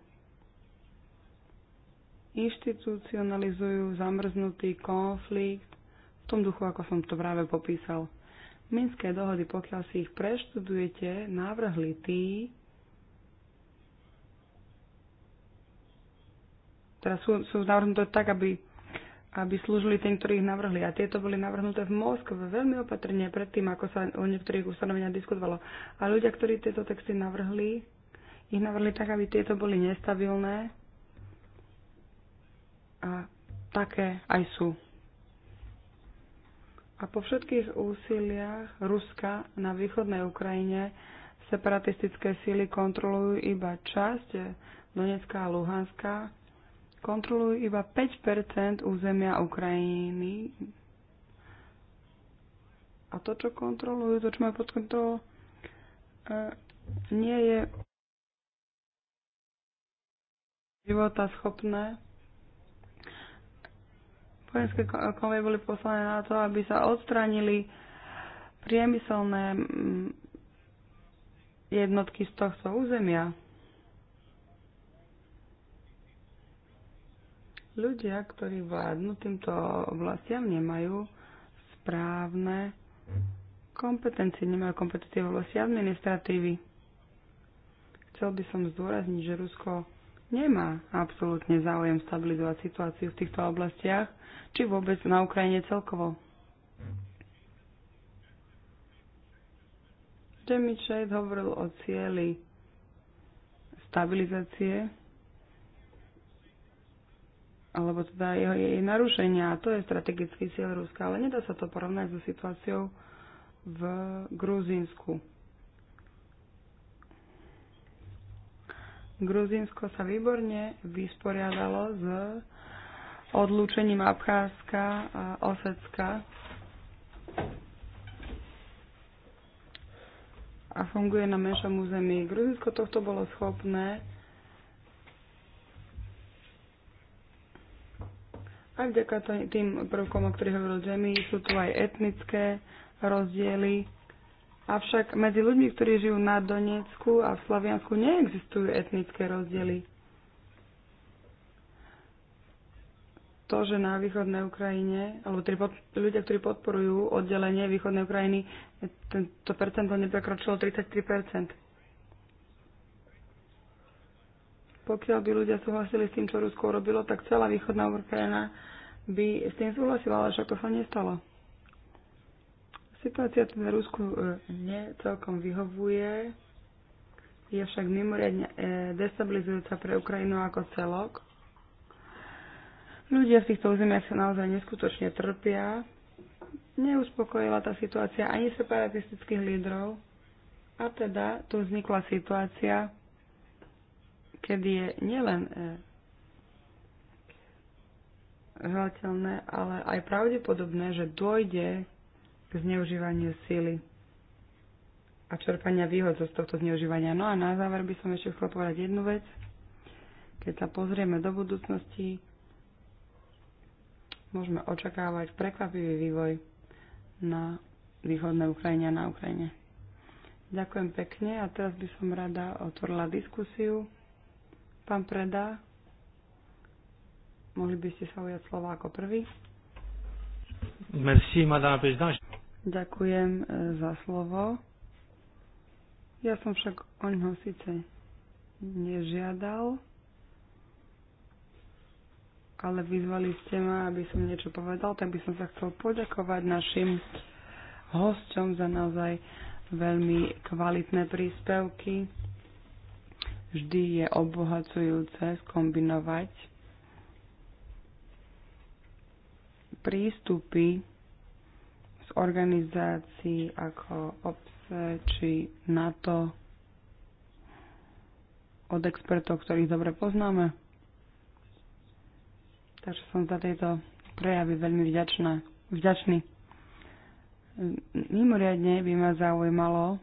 Inštitucionalizujú zamrznutý konflikt v tom duchu, ako som to práve popísal. Minské dohody, pokiaľ si ich preštudujete, navrhli tí, teda sú, sú navrhnuté tak, aby, aby slúžili tým, ktorí ich navrhli. A tieto boli navrhnuté v Moskve veľmi opatrne predtým, ako sa o niektorých ustanoveniach diskutovalo. A ľudia, ktorí tieto texty navrhli, ich navrhli tak, aby tieto boli nestabilné a také aj sú. A po všetkých úsiliach Ruska na východnej Ukrajine separatistické síly kontrolujú iba časť Donetská a Luhanská, kontrolujú iba 5 územia Ukrajiny. A to, čo kontrolujú, to, čo majú pod kontrolou, e, nie je života schopné. Vojenské konvoje boli poslané na to, aby sa odstranili priemyselné mm, jednotky z tohto územia. Ľudia, ktorí vládnu týmto oblastiam, nemajú správne kompetencie, nemajú kompetencie v oblasti administratívy. Chcel by som zdôrazniť, že Rusko nemá absolútne záujem stabilizovať situáciu v týchto oblastiach, či vôbec na Ukrajine celkovo. Jimmy Shade hovoril o cieli stabilizácie, alebo teda jeho, jej narušenia. A to je strategický cieľ Ruska, ale nedá sa to porovnať so situáciou v Gruzínsku. Gruzínsko sa výborne vysporiadalo s odlúčením Abcházska a Osecka a funguje na menšom území. Gruzinsko tohto bolo schopné aj vďaka tým prvkom, o ktorých hovoril Jamie, sú tu aj etnické rozdiely, Avšak medzi ľuďmi, ktorí žijú na Donecku a v Slaviansku, neexistujú etnické rozdiely. To, že na východnej Ukrajine, alebo tri pod, ľudia, ktorí podporujú oddelenie východnej Ukrajiny, to percento neprekročilo 33 Pokiaľ by ľudia súhlasili s tým, čo Rusko robilo, tak celá východná Ukrajina by s tým súhlasila, ale však to sa nestalo. Situácia teda Rusku e, ne celkom vyhovuje, je však mimoriadne e, destabilizujúca pre Ukrajinu ako celok. Ľudia v týchto územiach sa naozaj neskutočne trpia. Neuspokojila tá situácia ani separatistických lídrov. A teda tu vznikla situácia, kedy je nielen e, želateľné, ale aj pravdepodobné, že dôjde k zneužívaniu síly a čerpania výhod zo tohto zneužívania. No a na záver by som ešte chcel povedať jednu vec. Keď sa pozrieme do budúcnosti, môžeme očakávať prekvapivý vývoj na východnej Ukrajine a na Ukrajine. Ďakujem pekne a teraz by som rada otvorila diskusiu. Pán Preda, mohli by ste sa ujať slova ako prvý. Merci, madame présidente. Ďakujem e, za slovo. Ja som však o ňo síce nežiadal, ale vyzvali ste ma, aby som niečo povedal, tak by som sa chcel poďakovať našim hosťom za naozaj veľmi kvalitné príspevky. Vždy je obohacujúce skombinovať prístupy organizácií ako OPSE či NATO, od expertov, ktorých dobre poznáme. Takže som za tieto prejavy veľmi vďačná, vďačný. Mimoriadne by ma zaujímalo,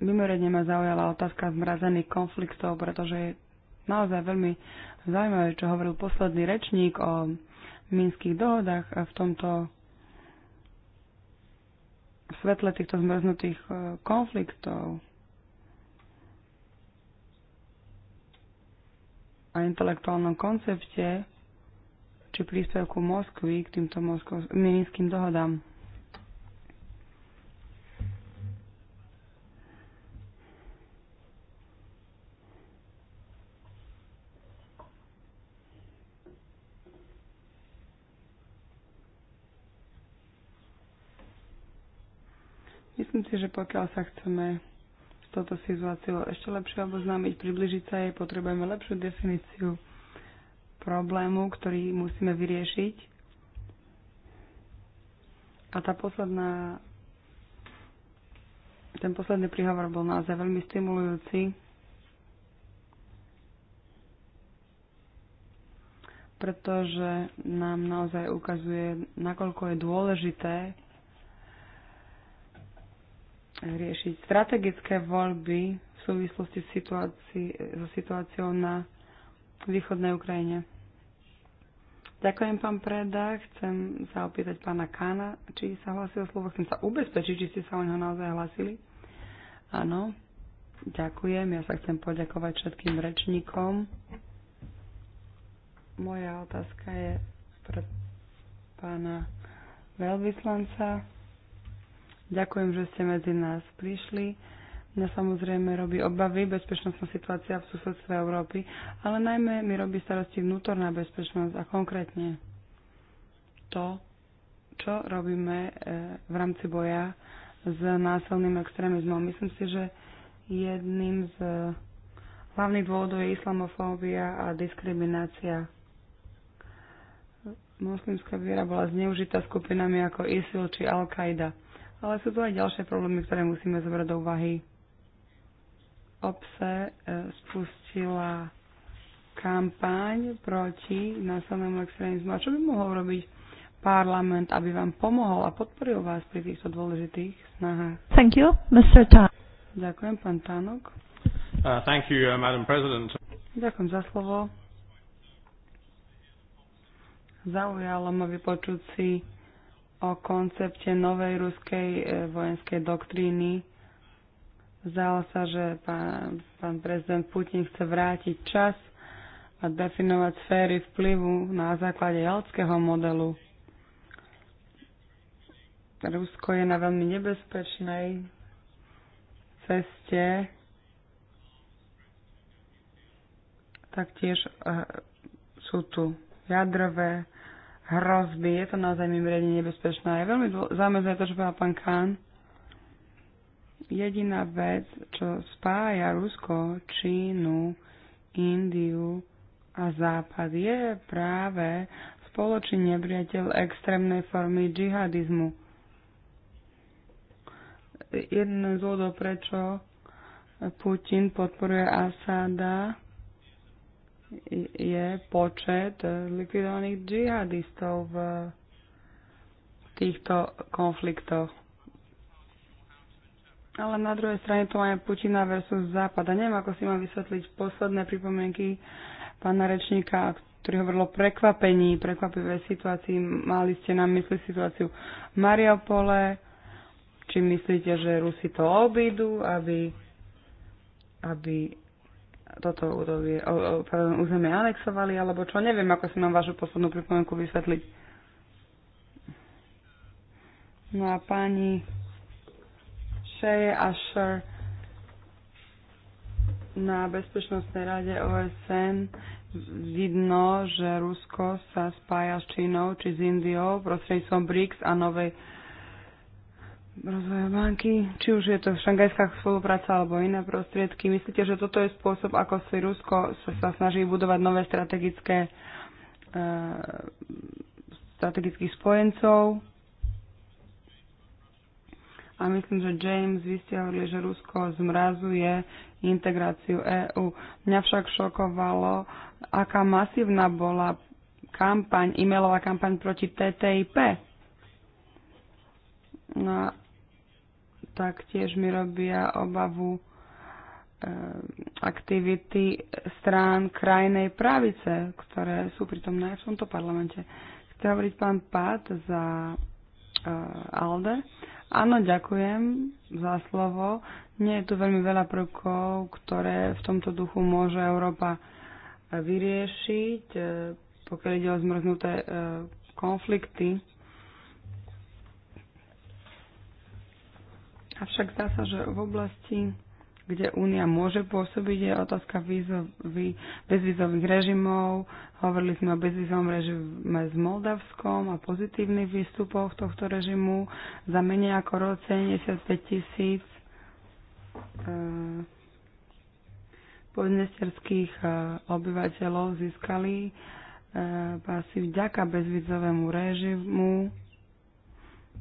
mimoriadne ma zaujala otázka zmrazených konfliktov, pretože je naozaj veľmi zaujímavé, čo hovoril posledný rečník o minských dohodách a v tomto v svetle týchto zmrznutých e, konfliktov a intelektuálnom koncepte či príspevku Moskvy k týmto minským dohodám. si, že pokiaľ sa chceme s touto situáciou ešte lepšie oboznámiť, približiť sa jej, potrebujeme lepšiu definíciu problému, ktorý musíme vyriešiť. A tá posledná, ten posledný príhovor bol naozaj veľmi stimulujúci. pretože nám naozaj ukazuje, nakoľko je dôležité riešiť strategické voľby v súvislosti so situáciou na východnej Ukrajine. Ďakujem, pán Preda. Chcem sa opýtať pána Kána, či sa hlasil slovo. Chcem sa ubezpečiť, či ste sa o neho naozaj hlasili. Áno. Ďakujem. Ja sa chcem poďakovať všetkým rečníkom. Moja otázka je pre pána veľvyslanca. Ďakujem, že ste medzi nás prišli. Mňa samozrejme robí obavy bezpečnostná situácia v susedstve Európy, ale najmä mi robí starosti vnútorná bezpečnosť a konkrétne to, čo robíme e, v rámci boja s násilným extrémizmom. Myslím si, že jedným z e, hlavných dôvodov je islamofóbia a diskriminácia. Moslimská viera bola zneužitá skupinami ako ISIL či Al-Qaida ale sú tu aj ďalšie problémy, ktoré musíme zobrať do úvahy. Obse e, spustila kampaň proti násilnému extrémizmu. A čo by mohol robiť parlament, aby vám pomohol a podporil vás pri týchto dôležitých snahách? Thank you, Mr. Tan. Ďakujem, pán Tánok. Uh, thank you, uh, Madam President. Ďakujem za slovo. Zaujalo ma vypočuť si o koncepte novej ruskej e, vojenskej doktríny. Zdalo sa, že pán, pán prezident Putin chce vrátiť čas a definovať sféry vplyvu na základe jalckého modelu. Rusko je na veľmi nebezpečnej ceste, taktiež e, sú tu jadrové hrozby. Je to naozaj mimoriadne nebezpečné. Je veľmi dô- zaujímavé to, čo povedal pán Kán. Jediná vec, čo spája Rusko, Čínu, Indiu a Západ, je práve spoločný nepriateľ extrémnej formy džihadizmu. Jeden z dôvodov, prečo Putin podporuje Asada, je počet e, likvidovaných džihadistov v týchto konfliktoch. Ale na druhej strane tu máme Putina versus Západ. A neviem, ako si mám vysvetliť posledné pripomienky pána rečníka, ktorý hovoril o prekvapení, prekvapivé situácii. Mali ste na mysli situáciu v Mariupole, či myslíte, že Rusi to obídu, aby, aby toto údobie, o, o, pardon, územie anexovali, alebo čo, neviem, ako si mám vašu poslednú pripomienku vysvetliť. No a pani Shea Asher na Bezpečnostnej rade OSN vidno, že Rusko sa spája s Čínou či s Indiou prostredníctvom BRICS a novej rozvoja banky, či už je to šangajská spolupráca alebo iné prostriedky. Myslíte, že toto je spôsob, ako si Rusko sa, sa snaží budovať nové strategické uh, strategických spojencov? A myslím, že James, vy ste hovorili, že Rusko zmrazuje integráciu EÚ. Mňa však šokovalo, aká masívna bola kampaň, e-mailová kampaň proti TTIP. No, tak tiež mi robia obavu e, aktivity strán krajnej pravice, ktoré sú pritomné aj v tomto parlamente. Chce hovoriť pán Pat za e, ALDE. Áno, ďakujem za slovo. Nie je tu veľmi veľa prvkov, ktoré v tomto duchu môže Európa vyriešiť, e, pokiaľ ide o zmrznuté e, konflikty Avšak zdá sa, že v oblasti, kde Únia môže pôsobiť, je otázka výzovy, bezvízových režimov. Hovorili sme o bezvizovom režime s Moldavskom a pozitívnych výstupoch tohto režimu. Za menej ako rok 75 tisíc e, podnesterských e, obyvateľov získali pasy e, vďaka bezvizovému režimu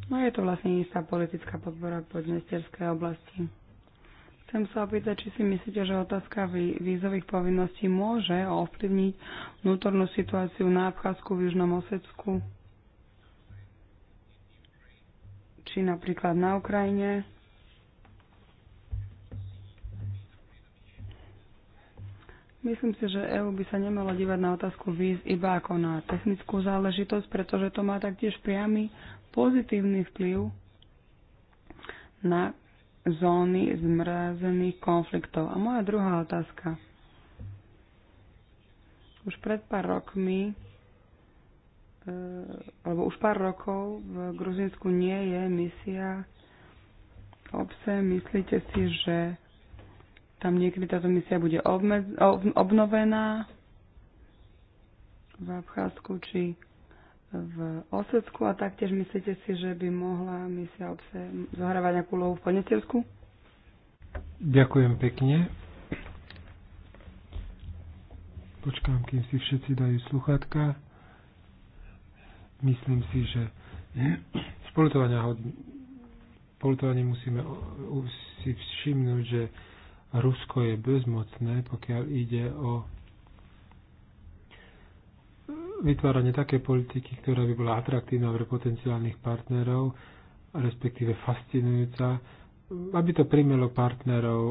No je to vlastne istá politická podpora podnesterskej oblasti. Chcem sa opýtať, či si myslíte, že otázka vízových povinností môže ovplyvniť vnútornú situáciu na Abcházsku v Južnom Osecku? Či napríklad na Ukrajine? Myslím si, že EÚ by sa nemala dívať na otázku víz iba ako na technickú záležitosť, pretože to má taktiež priamy pozitívny vplyv na zóny zmrazených konfliktov. A moja druhá otázka. Už pred pár rokmi, e, alebo už pár rokov v Gruzinsku nie je misia obce. Myslíte si, že tam niekedy táto misia bude obmedz- obnovená v Abcházsku, či v Osecku a taktiež myslíte si, že by mohla misia obce zohrávať nejakú úlohu v Ponetevsku? Ďakujem pekne. Počkám, kým si všetci dajú sluchátka. Myslím si, že spolutovania Spolutovanie musíme si všimnúť, že Rusko je bezmocné, pokiaľ ide o vytváranie také politiky, ktorá by bola atraktívna pre potenciálnych partnerov, respektíve fascinujúca, aby to primelo partnerov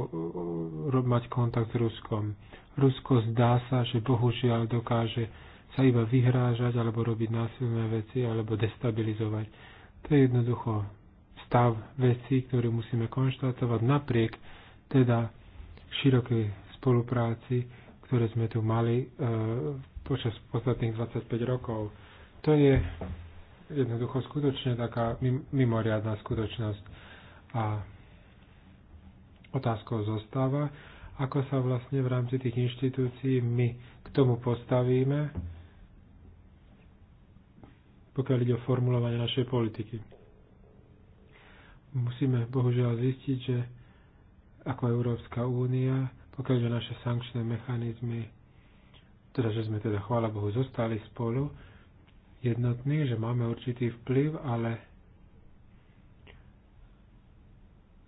eh, mať kontakt s Ruskom. Rusko zdá sa, že bohužiaľ dokáže sa iba vyhrážať alebo robiť násilné veci alebo destabilizovať. To je jednoducho stav veci, ktoré musíme konštatovať napriek teda širokej spolupráci, ktoré sme tu mali v eh, počas posledných 25 rokov. To je jednoducho skutočne taká mimoriadná skutočnosť. A otázkou zostáva, ako sa vlastne v rámci tých inštitúcií my k tomu postavíme, pokiaľ ide o formulovanie našej politiky. Musíme bohužiaľ zistiť, že ako Európska únia, pokiaľ ide naše sankčné mechanizmy, teda, že sme teda, chvála Bohu, zostali spolu jednotní, že máme určitý vplyv, ale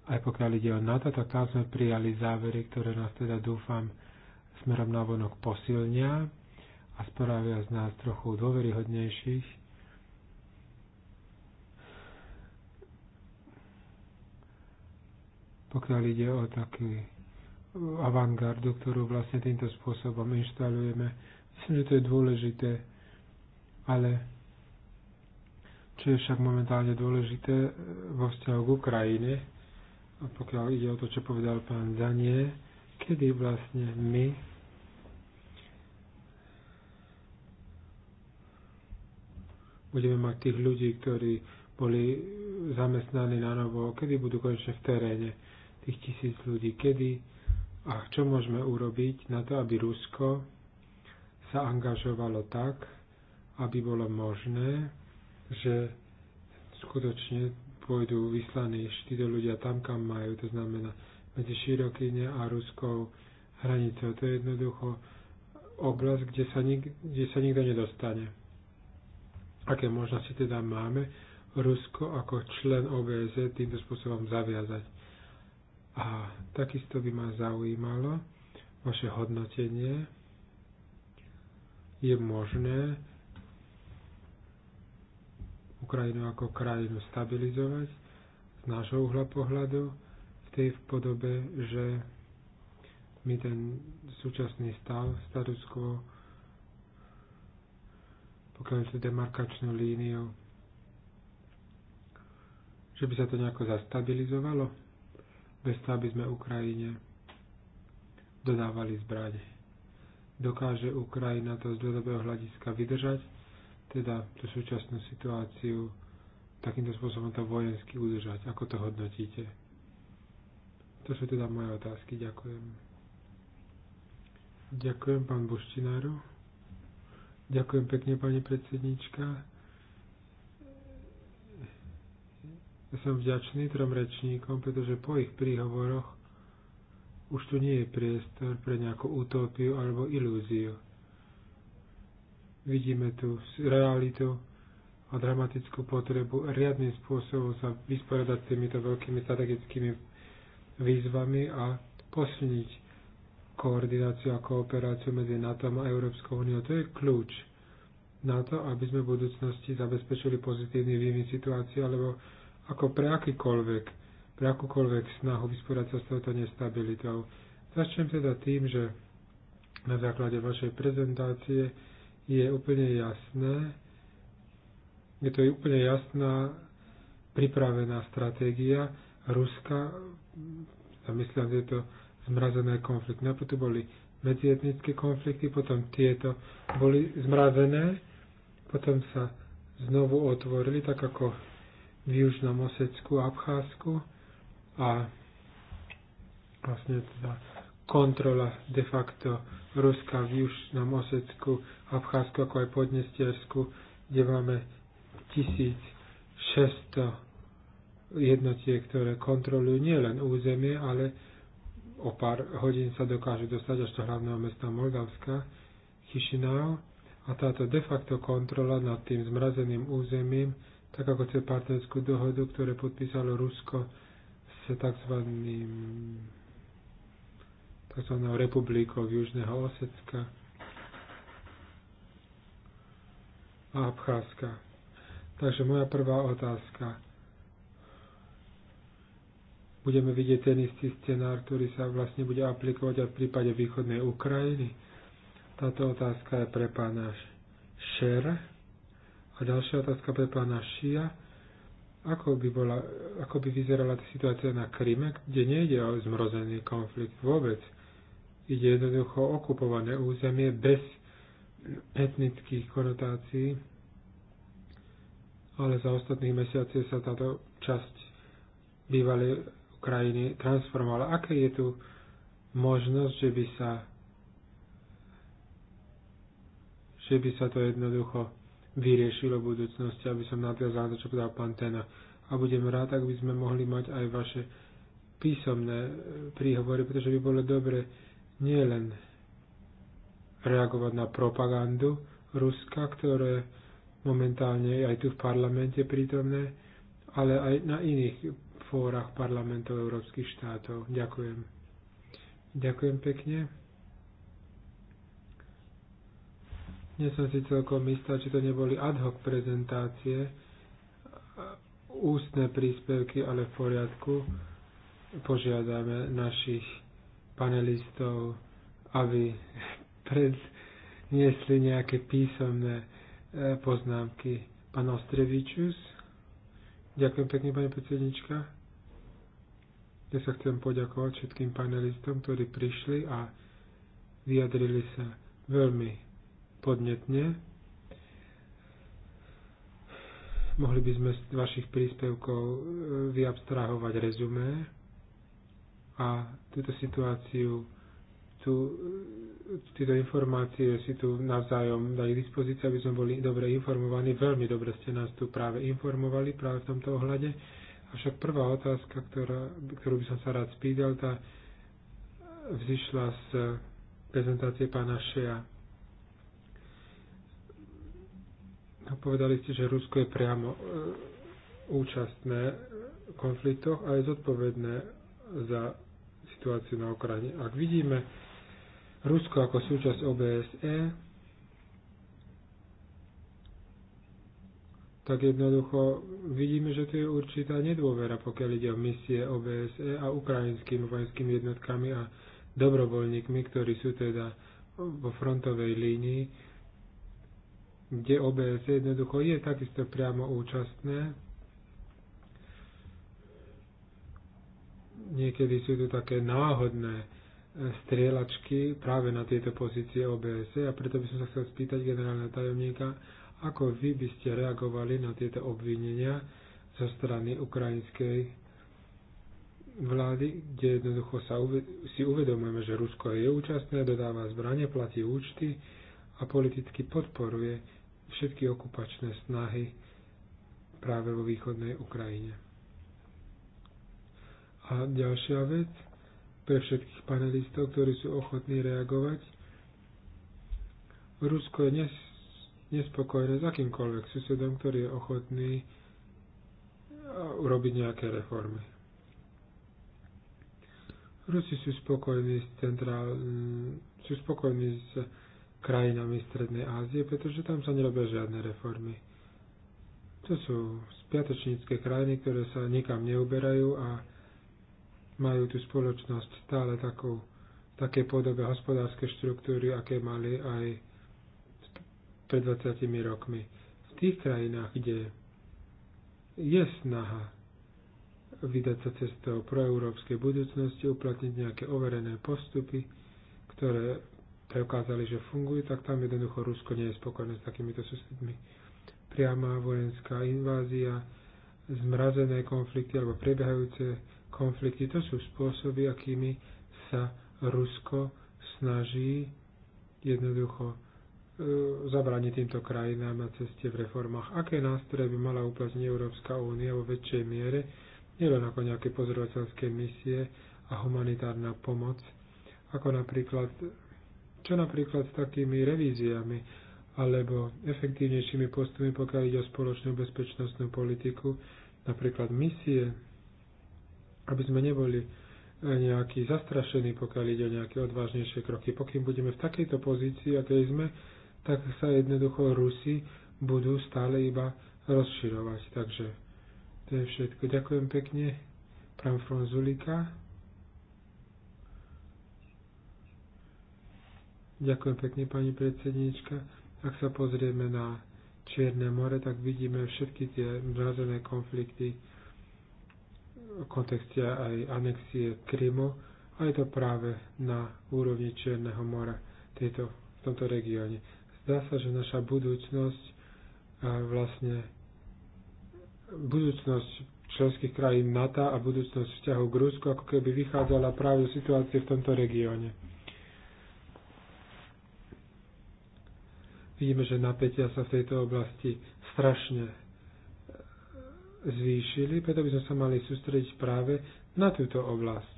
aj pokiaľ ide o NATO, tak tam sme prijali závery, ktoré nás teda dúfam smerom na vonok posilnia a spravia z nás trochu dôveryhodnejších. Pokiaľ ide o taký avantgardu, ktorú vlastne týmto spôsobom inštalujeme. Myslím, že to je dôležité, ale čo je však momentálne dôležité eh, vo vzťahu k Ukrajine, pokiaľ ide o to, čo povedal pán Danie, kedy vlastne my budeme mať tých ľudí, ktorí boli zamestnaní na novo, kedy budú konečne v teréne tých tisíc ľudí, kedy a čo môžeme urobiť na to, aby Rusko sa angažovalo tak, aby bolo možné, že skutočne pôjdu vyslaní títo ľudia tam, kam majú, to znamená medzi Širokyne a ruskou hranicou. To je jednoducho oblasť, kde sa, nik- kde sa nikto nedostane. Aké možnosti teda máme Rusko ako člen OBZ e týmto spôsobom zaviazať? A takisto by ma zaujímalo vaše hodnotenie. Je možné Ukrajinu ako krajinu stabilizovať z nášho uhla pohľadu v tej podobe, že my ten súčasný stav, status quo, pokiaľ tú demarkačnú líniu, že by sa to nejako zastabilizovalo? bez toho, aby sme Ukrajine dodávali zbrane. Dokáže Ukrajina to z dlhodobého hľadiska vydržať, teda tú súčasnú situáciu takýmto spôsobom to vojensky udržať. Ako to hodnotíte? To sú teda moje otázky. Ďakujem. Ďakujem, pán Boštinaru. Ďakujem pekne, pani predsednička. Ja som vďačný trom rečníkom, pretože po ich príhovoroch už tu nie je priestor pre nejakú utópiu alebo ilúziu. Vidíme tu realitu a dramatickú potrebu riadným spôsobom sa vysporiadať s týmito veľkými strategickými výzvami a posilniť koordináciu a kooperáciu medzi NATO a Európskou úniou. To je kľúč na to, aby sme v budúcnosti zabezpečili pozitívny vývin situácie alebo ako pre, akýkoľvek, pre akúkoľvek snahu vysporiadať sa s touto nestabilitou. Začnem teda tým, že na základe vašej prezentácie je úplne jasné, je to úplne jasná pripravená stratégia Ruska, zamyslím to zmrazené konflikty. Najprv tu boli medzietnické konflikty, potom tieto boli zmrazené, potom sa znovu otvorili, tak ako v Južnom Osecku, Abcházsku a vlastne teda kontrola de facto Ruska v Južnom Osecku, Abcházsku, ako aj Podnestiersku, kde máme 1600 jednotiek, ktoré kontrolujú nielen územie, ale o pár hodín sa dokážu dostať až do hlavného mesta Moldavska, Chišinau, a táto de facto kontrola nad tým zmrazeným územím tak ako cez partnerskú dohodu, ktoré podpísalo Rusko s tzv. tzv. republikou Južného Osecka a Abcházska. Takže moja prvá otázka. Budeme vidieť ten istý scenár, ktorý sa vlastne bude aplikovať aj v prípade východnej Ukrajiny. Táto otázka je pre pána Šer a ďalšia otázka pre pána Šia. Ako by, bola, ako by vyzerala situácia na Kryme, kde nejde o zmrozený konflikt vôbec? Ide jednoducho o okupované územie bez etnických konotácií, ale za ostatných mesiace sa táto časť bývalej Ukrajiny transformovala. Aké je tu možnosť, že by sa že by sa to jednoducho vyriešilo v budúcnosti, aby som nadviazal na to, čo povedal pán Tena. A budem rád, ak by sme mohli mať aj vaše písomné e, príhovory, pretože by bolo dobre nielen reagovať na propagandu Ruska, ktoré momentálne aj tu v parlamente prítomné, ale aj na iných fórach parlamentov európskych štátov. Ďakujem. Ďakujem pekne. Nie som si celkom istá, či to neboli ad hoc prezentácie, ústne príspevky, ale v poriadku. Požiadame našich panelistov, aby predniesli nejaké písomné e, poznámky. Pán Ostrevičus. Ďakujem pekne, pani predsednička. Ja sa chcem poďakovať všetkým panelistom, ktorí prišli a vyjadrili sa veľmi podnetne. Mohli by sme z vašich príspevkov e, vyabstrahovať rezumé a túto situáciu, tú, e, tieto informácie si tu navzájom dali dispozícia, aby sme boli dobre informovaní. Veľmi dobre ste nás tu práve informovali práve v tomto ohľade. Avšak prvá otázka, ktorá, ktorú by som sa rád spýtal, tá vzýšla z prezentácie pána Šeja Povedali ste, že Rusko je priamo e, účastné v konfliktoch a je zodpovedné za situáciu na Ukrajine. Ak vidíme Rusko ako súčasť OBSE, tak jednoducho vidíme, že tu je určitá nedôvera, pokiaľ ide o misie OBSE a ukrajinskými vojenskými jednotkami a dobrovoľníkmi, ktorí sú teda vo frontovej línii kde OBS jednoducho je takisto priamo účastné. Niekedy sú tu také náhodné e, strieľačky práve na tieto pozície OBS a preto by som sa chcel spýtať generálneho tajomníka, ako vy by ste reagovali na tieto obvinenia zo strany ukrajinskej vlády, kde jednoducho sa uved- si uvedomujeme, že Rusko je účastné, dodáva zbranie, platí účty a politicky podporuje všetky okupačné snahy práve vo východnej Ukrajine. A ďalšia vec pre všetkých panelistov, ktorí sú ochotní reagovať. Rusko je nes, nespokojné s akýmkoľvek susedom, ktorý je ochotný e, urobiť nejaké reformy. Rusi sú spokojní s centrálnym, sú spokojní s krajinami Strednej Ázie, pretože tam sa nerobia žiadne reformy. To sú spiatočnícke krajiny, ktoré sa nikam neuberajú a majú tú spoločnosť stále takú, také podobe hospodárske štruktúry, aké mali aj pred 20 rokmi. V tých krajinách, kde je snaha vydať sa cestou proeurópskej budúcnosti, uplatniť nejaké overené postupy, ktoré preukázali, že fungujú, tak tam jednoducho Rusko nie je spokojné s takýmito susedmi. Priamá vojenská invázia, zmrazené konflikty alebo prebiehajúce konflikty, to sú spôsoby, akými sa Rusko snaží jednoducho e, zabrániť týmto krajinám na ceste v reformách. Aké nástroje by mala uplatniť Európska únia vo väčšej miere, nielen ako nejaké pozorovateľské misie a humanitárna pomoc, ako napríklad čo napríklad s takými revíziami alebo efektívnejšími postupmi, pokiaľ ide o spoločnú bezpečnostnú politiku, napríklad misie, aby sme neboli eh, nejaký zastrašený, pokiaľ ide o nejaké odvážnejšie kroky. Pokým budeme v takejto pozícii, akej sme, tak sa jednoducho Rusi budú stále iba rozširovať. Takže to je všetko. Ďakujem pekne. Pán Fronzulika. Ďakujem pekne, pani predsedníčka. Ak sa pozrieme na Čierne more, tak vidíme všetky tie mrazené konflikty v kontexte aj anexie Krymu a je to práve na úrovni Čierneho mora tejto, v tomto regióne. Zdá sa, že naša budúcnosť vlastne budúcnosť členských krajín NATO a budúcnosť vzťahu k Rusku ako keby vychádzala práve z situácie v tomto regióne. Vidíme, že napätia sa v tejto oblasti strašne zvýšili, preto by sme sa mali sústrediť práve na túto oblasť.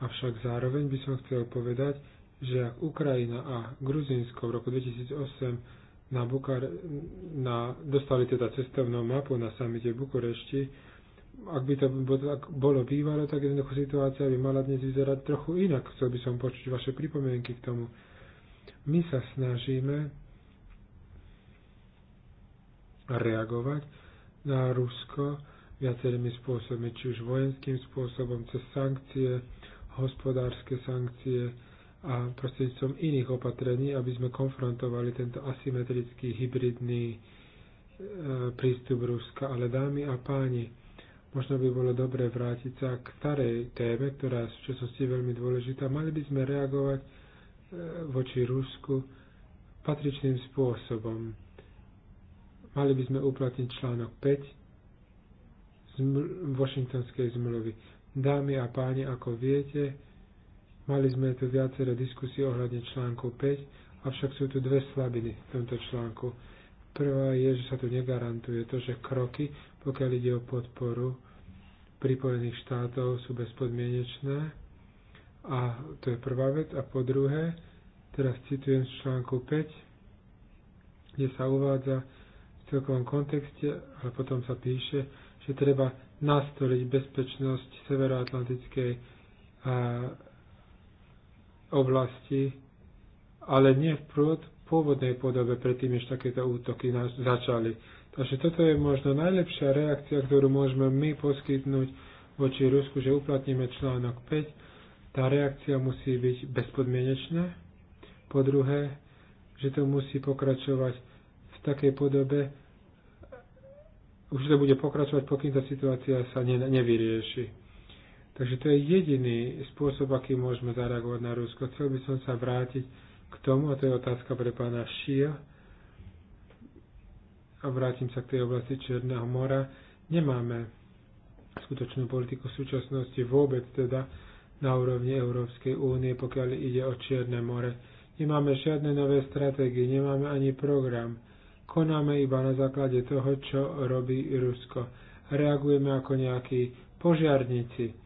Avšak zároveň by som chcel povedať, že ak Ukrajina a Gruzinsko v roku 2008 na Bukar, na, dostali teda cestovnú mapu na samite v Bukurešti, ak by to bolo bývalo, tak jednoducho situácia by mala dnes vyzerať trochu inak. Chcel by som počuť vaše pripomienky k tomu. My sa snažíme reagovať na Rusko viacerými spôsobmi, či už vojenským spôsobom, cez sankcie, hospodárske sankcie a prostredníctvom iných opatrení, aby sme konfrontovali tento asymetrický hybridný e, prístup Ruska. Ale dámy a páni, možno by bolo dobre vrátiť sa k starej téme, ktorá je v súčasnosti veľmi dôležitá. Mali by sme reagovať e, voči Rusku patričným spôsobom Mali by sme uplatniť článok 5 z Washingtonskej zmluvy. Dámy a páni, ako viete, mali sme tu viacero diskusí ohľadne článku 5, avšak sú tu dve slabiny v tomto článku. Prvá je, že sa tu negarantuje to, že kroky, pokiaľ ide o podporu pripojených štátov, sú bezpodmienečné. A to je prvá vec. A po druhé, teraz citujem z článku 5, kde sa uvádza, celkovom kontexte, ale potom sa píše, že treba nastoliť bezpečnosť severoatlantickej oblasti, ale nie v prúd, pôvodnej podobe predtým, ešte takéto útoky nás začali. Takže toto je možno najlepšia reakcia, ktorú môžeme my poskytnúť voči Rusku, že uplatníme článok 5. Tá reakcia musí byť bezpodmienečná. Po druhé, že to musí pokračovať v takej podobe, už to bude pokračovať, pokým tá situácia sa ne, nevyrieši. Takže to je jediný spôsob, aký môžeme zareagovať na Rusko. Chcel by som sa vrátiť k tomu, a to je otázka pre pána Šia, a vrátim sa k tej oblasti Černého mora. Nemáme skutočnú politiku v súčasnosti vôbec teda na úrovni Európskej únie, pokiaľ ide o Čierne more. Nemáme žiadne nové stratégie, nemáme ani program konáme iba na základe toho, čo robí Rusko. Reagujeme ako nejakí požiarníci.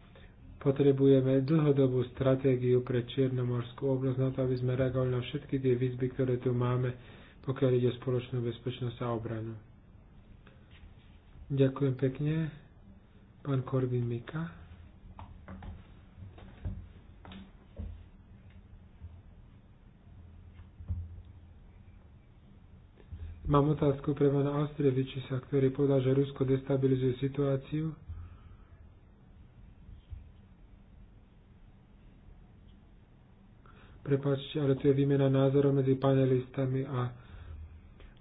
Potrebujeme dlhodobú stratégiu pre Čiernomorskú oblasť na to, aby sme reagovali na všetky tie výzby, ktoré tu máme, pokiaľ ide o spoločnú bezpečnosť a obranu. Ďakujem pekne. Pán Korvin Mika. Mám otázku pre pána Austrievičisa, ktorý povedal, že Rusko destabilizuje situáciu. Prepačte, ale tu je výmena názorov medzi panelistami a...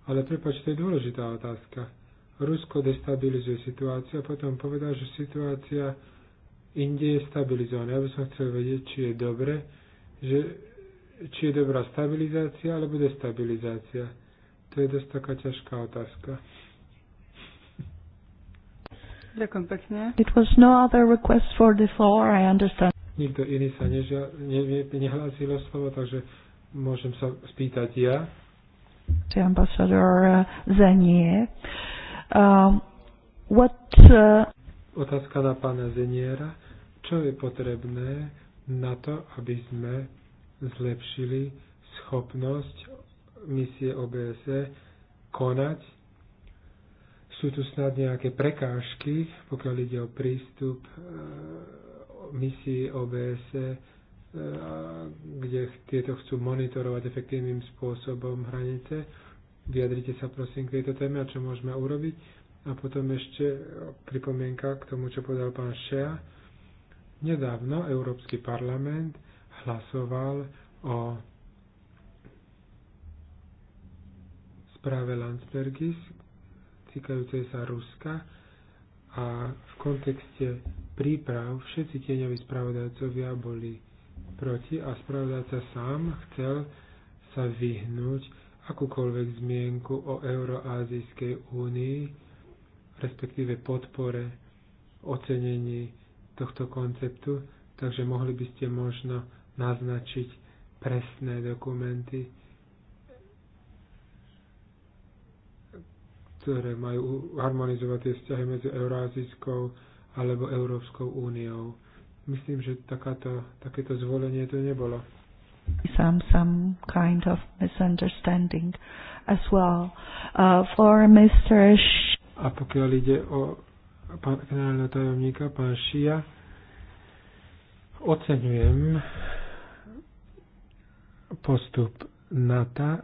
Ale prepačte, to je dôležitá otázka. Rusko destabilizuje situáciu a potom povedal, že situácia inde je stabilizovaná. Ja by som chcel vedieť, či je dobre, že, či je dobrá stabilizácia alebo destabilizácia to je dosť taká ťažká otázka. Ďakujem pekne. It was no other request for the floor, I understand. Nikto iný sa nežia, ne, nehlásil o slovo, takže môžem sa spýtať ja. The ambassador uh, Zanier. Uh, um, what, uh... Otázka na pána Zeniera. Čo je potrebné na to, aby sme zlepšili schopnosť misie OBSE konať. Sú tu snad nejaké prekážky, pokiaľ ide o prístup e, misií OBSE, e, kde tieto chcú monitorovať efektívnym spôsobom hranice. Vyjadrite sa prosím k tejto téme a čo môžeme urobiť. A potom ešte pripomienka k tomu, čo povedal pán Šea. Nedávno Európsky parlament hlasoval o správe Landsbergis týkajúcej sa Ruska a v kontexte príprav všetci tieňoví spravodajcovia boli proti a spravodajca sám chcel sa vyhnúť akúkoľvek zmienku o Euroázijskej únii, respektíve podpore, ocenení tohto konceptu, takže mohli by ste možno naznačiť presné dokumenty, ktoré majú harmonizovať tie vzťahy medzi Eurázijskou alebo Európskou úniou. Myslím, že takáto, takéto zvolenie to nebolo. Some, some kind of misunderstanding as well. Uh, for Mr. Sh- A pokiaľ ide o pán generálneho tajomníka, pán Šia, oceňujem postup NATO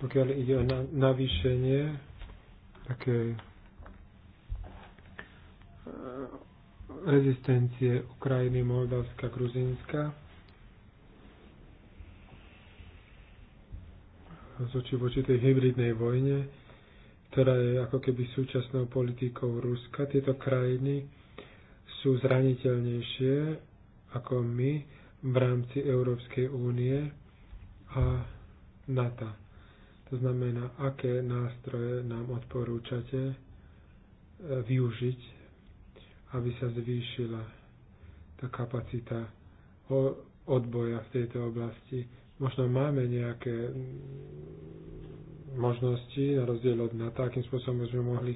pokiaľ ide o navýšenie také eh, rezistencie Ukrajiny, Moldavska, Gruzínska z oči voči tej hybridnej vojne, ktorá je ako keby súčasnou politikou Ruska. Tieto krajiny sú zraniteľnejšie ako my v rámci Európskej únie a NATO. To znamená, aké nástroje nám odporúčate e, využiť, aby sa zvýšila tá kapacita odboja v tejto oblasti. Možno máme nejaké možnosti, na rozdiel od NATO, akým spôsobom sme mohli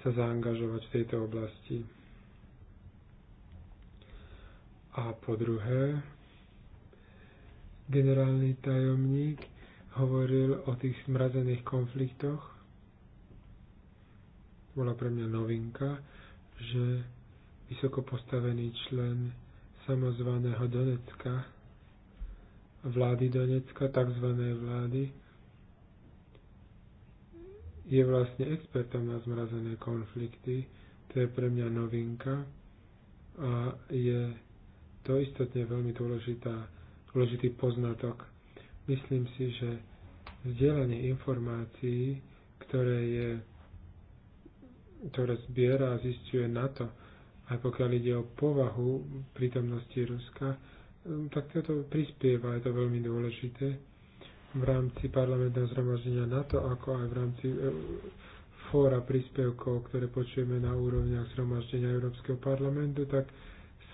sa zaangažovať v tejto oblasti. A po druhé, generálny tajomník hovoril o tých zmrazených konfliktoch. Bola pre mňa novinka, že vysoko postavený člen samozvaného Donecka, vlády Donecka, tzv. vlády, je vlastne expertom na zmrazené konflikty. To je pre mňa novinka a je to istotne veľmi dôležitá, dôležitý poznatok Myslím si, že vzdielanie informácií, ktoré, je, ktoré zbiera a zistuje NATO, aj pokiaľ ide o povahu prítomnosti Ruska, mm, tak toto prispieva, je to veľmi dôležité v rámci parlamentného zhromaždenia NATO, ako aj v rámci e, fóra príspevkov, ktoré počujeme na úrovniach zhromaždenia Európskeho parlamentu, tak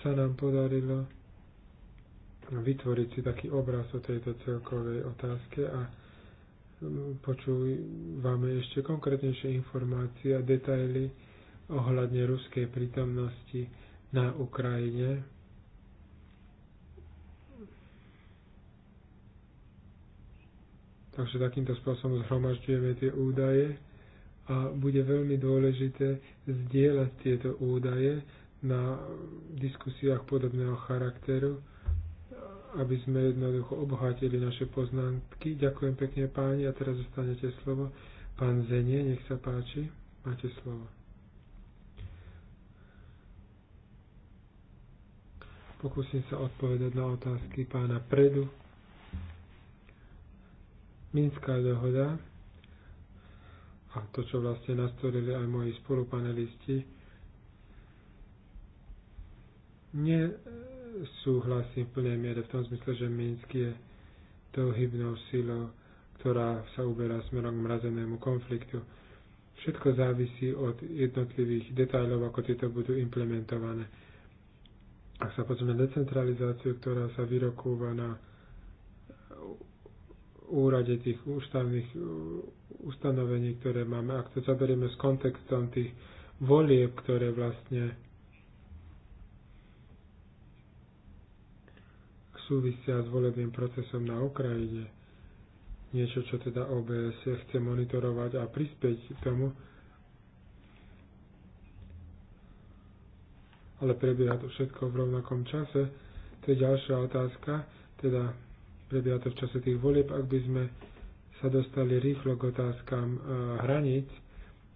sa nám podarilo vytvoriť si taký obraz o tejto celkovej otázke a mm, počúvame ešte konkrétnejšie informácie a detaily ohľadne ruskej prítomnosti na Ukrajine. Takže takýmto spôsobom zhromažďujeme tie údaje a bude veľmi dôležité zdieľať tieto údaje na diskusiách podobného charakteru, aby sme jednoducho obohatili naše poznámky. Ďakujem pekne páni a teraz zostanete slovo. Pán Zenie, nech sa páči, máte slovo. Pokúsim sa odpovedať na otázky pána Predu. Minská dohoda a to, čo vlastne nastolili aj moji spolupanelisti, ne, súhlasím v plnej miere v tom zmysle, že Minsk je tou hybnou silou, ktorá sa uberá smerom k mrazenému konfliktu. Všetko závisí od jednotlivých detajlov, ako tieto budú implementované. Ak sa pozrieme na decentralizáciu, ktorá sa vyrokúva na úrade tých ústavných ustanovení, ktoré máme, ak to zoberieme s kontextom tých volieb, ktoré vlastne súvisia s volebným procesom na Ukrajine. Niečo, čo teda OBS chce monitorovať a prispieť k tomu, ale prebieha to všetko v rovnakom čase. To je ďalšia otázka, teda prebieha to v čase tých volieb, ak by sme sa dostali rýchlo k otázkam e, hraníc,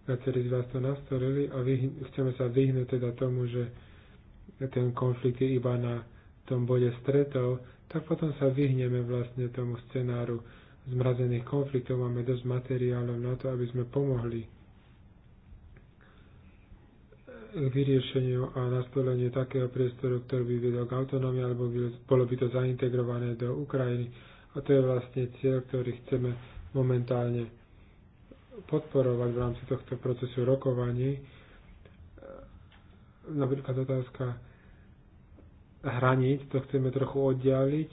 viacerí z vás to nastorili a vy, chceme sa vyhnúť teda tomu, že ten konflikt je iba na tom bode stretov, tak potom sa vyhneme vlastne tomu scenáru zmrazených konfliktov. Máme dosť materiálov na to, aby sme pomohli k vyriešeniu a nastoleniu takého priestoru, ktorý by vedol k autonómii, alebo by, bolo by to zaintegrované do Ukrajiny. A to je vlastne cieľ, ktorý chceme momentálne podporovať v rámci tohto procesu rokovaní. Napríklad otázka hraníc, to chceme trochu oddialiť,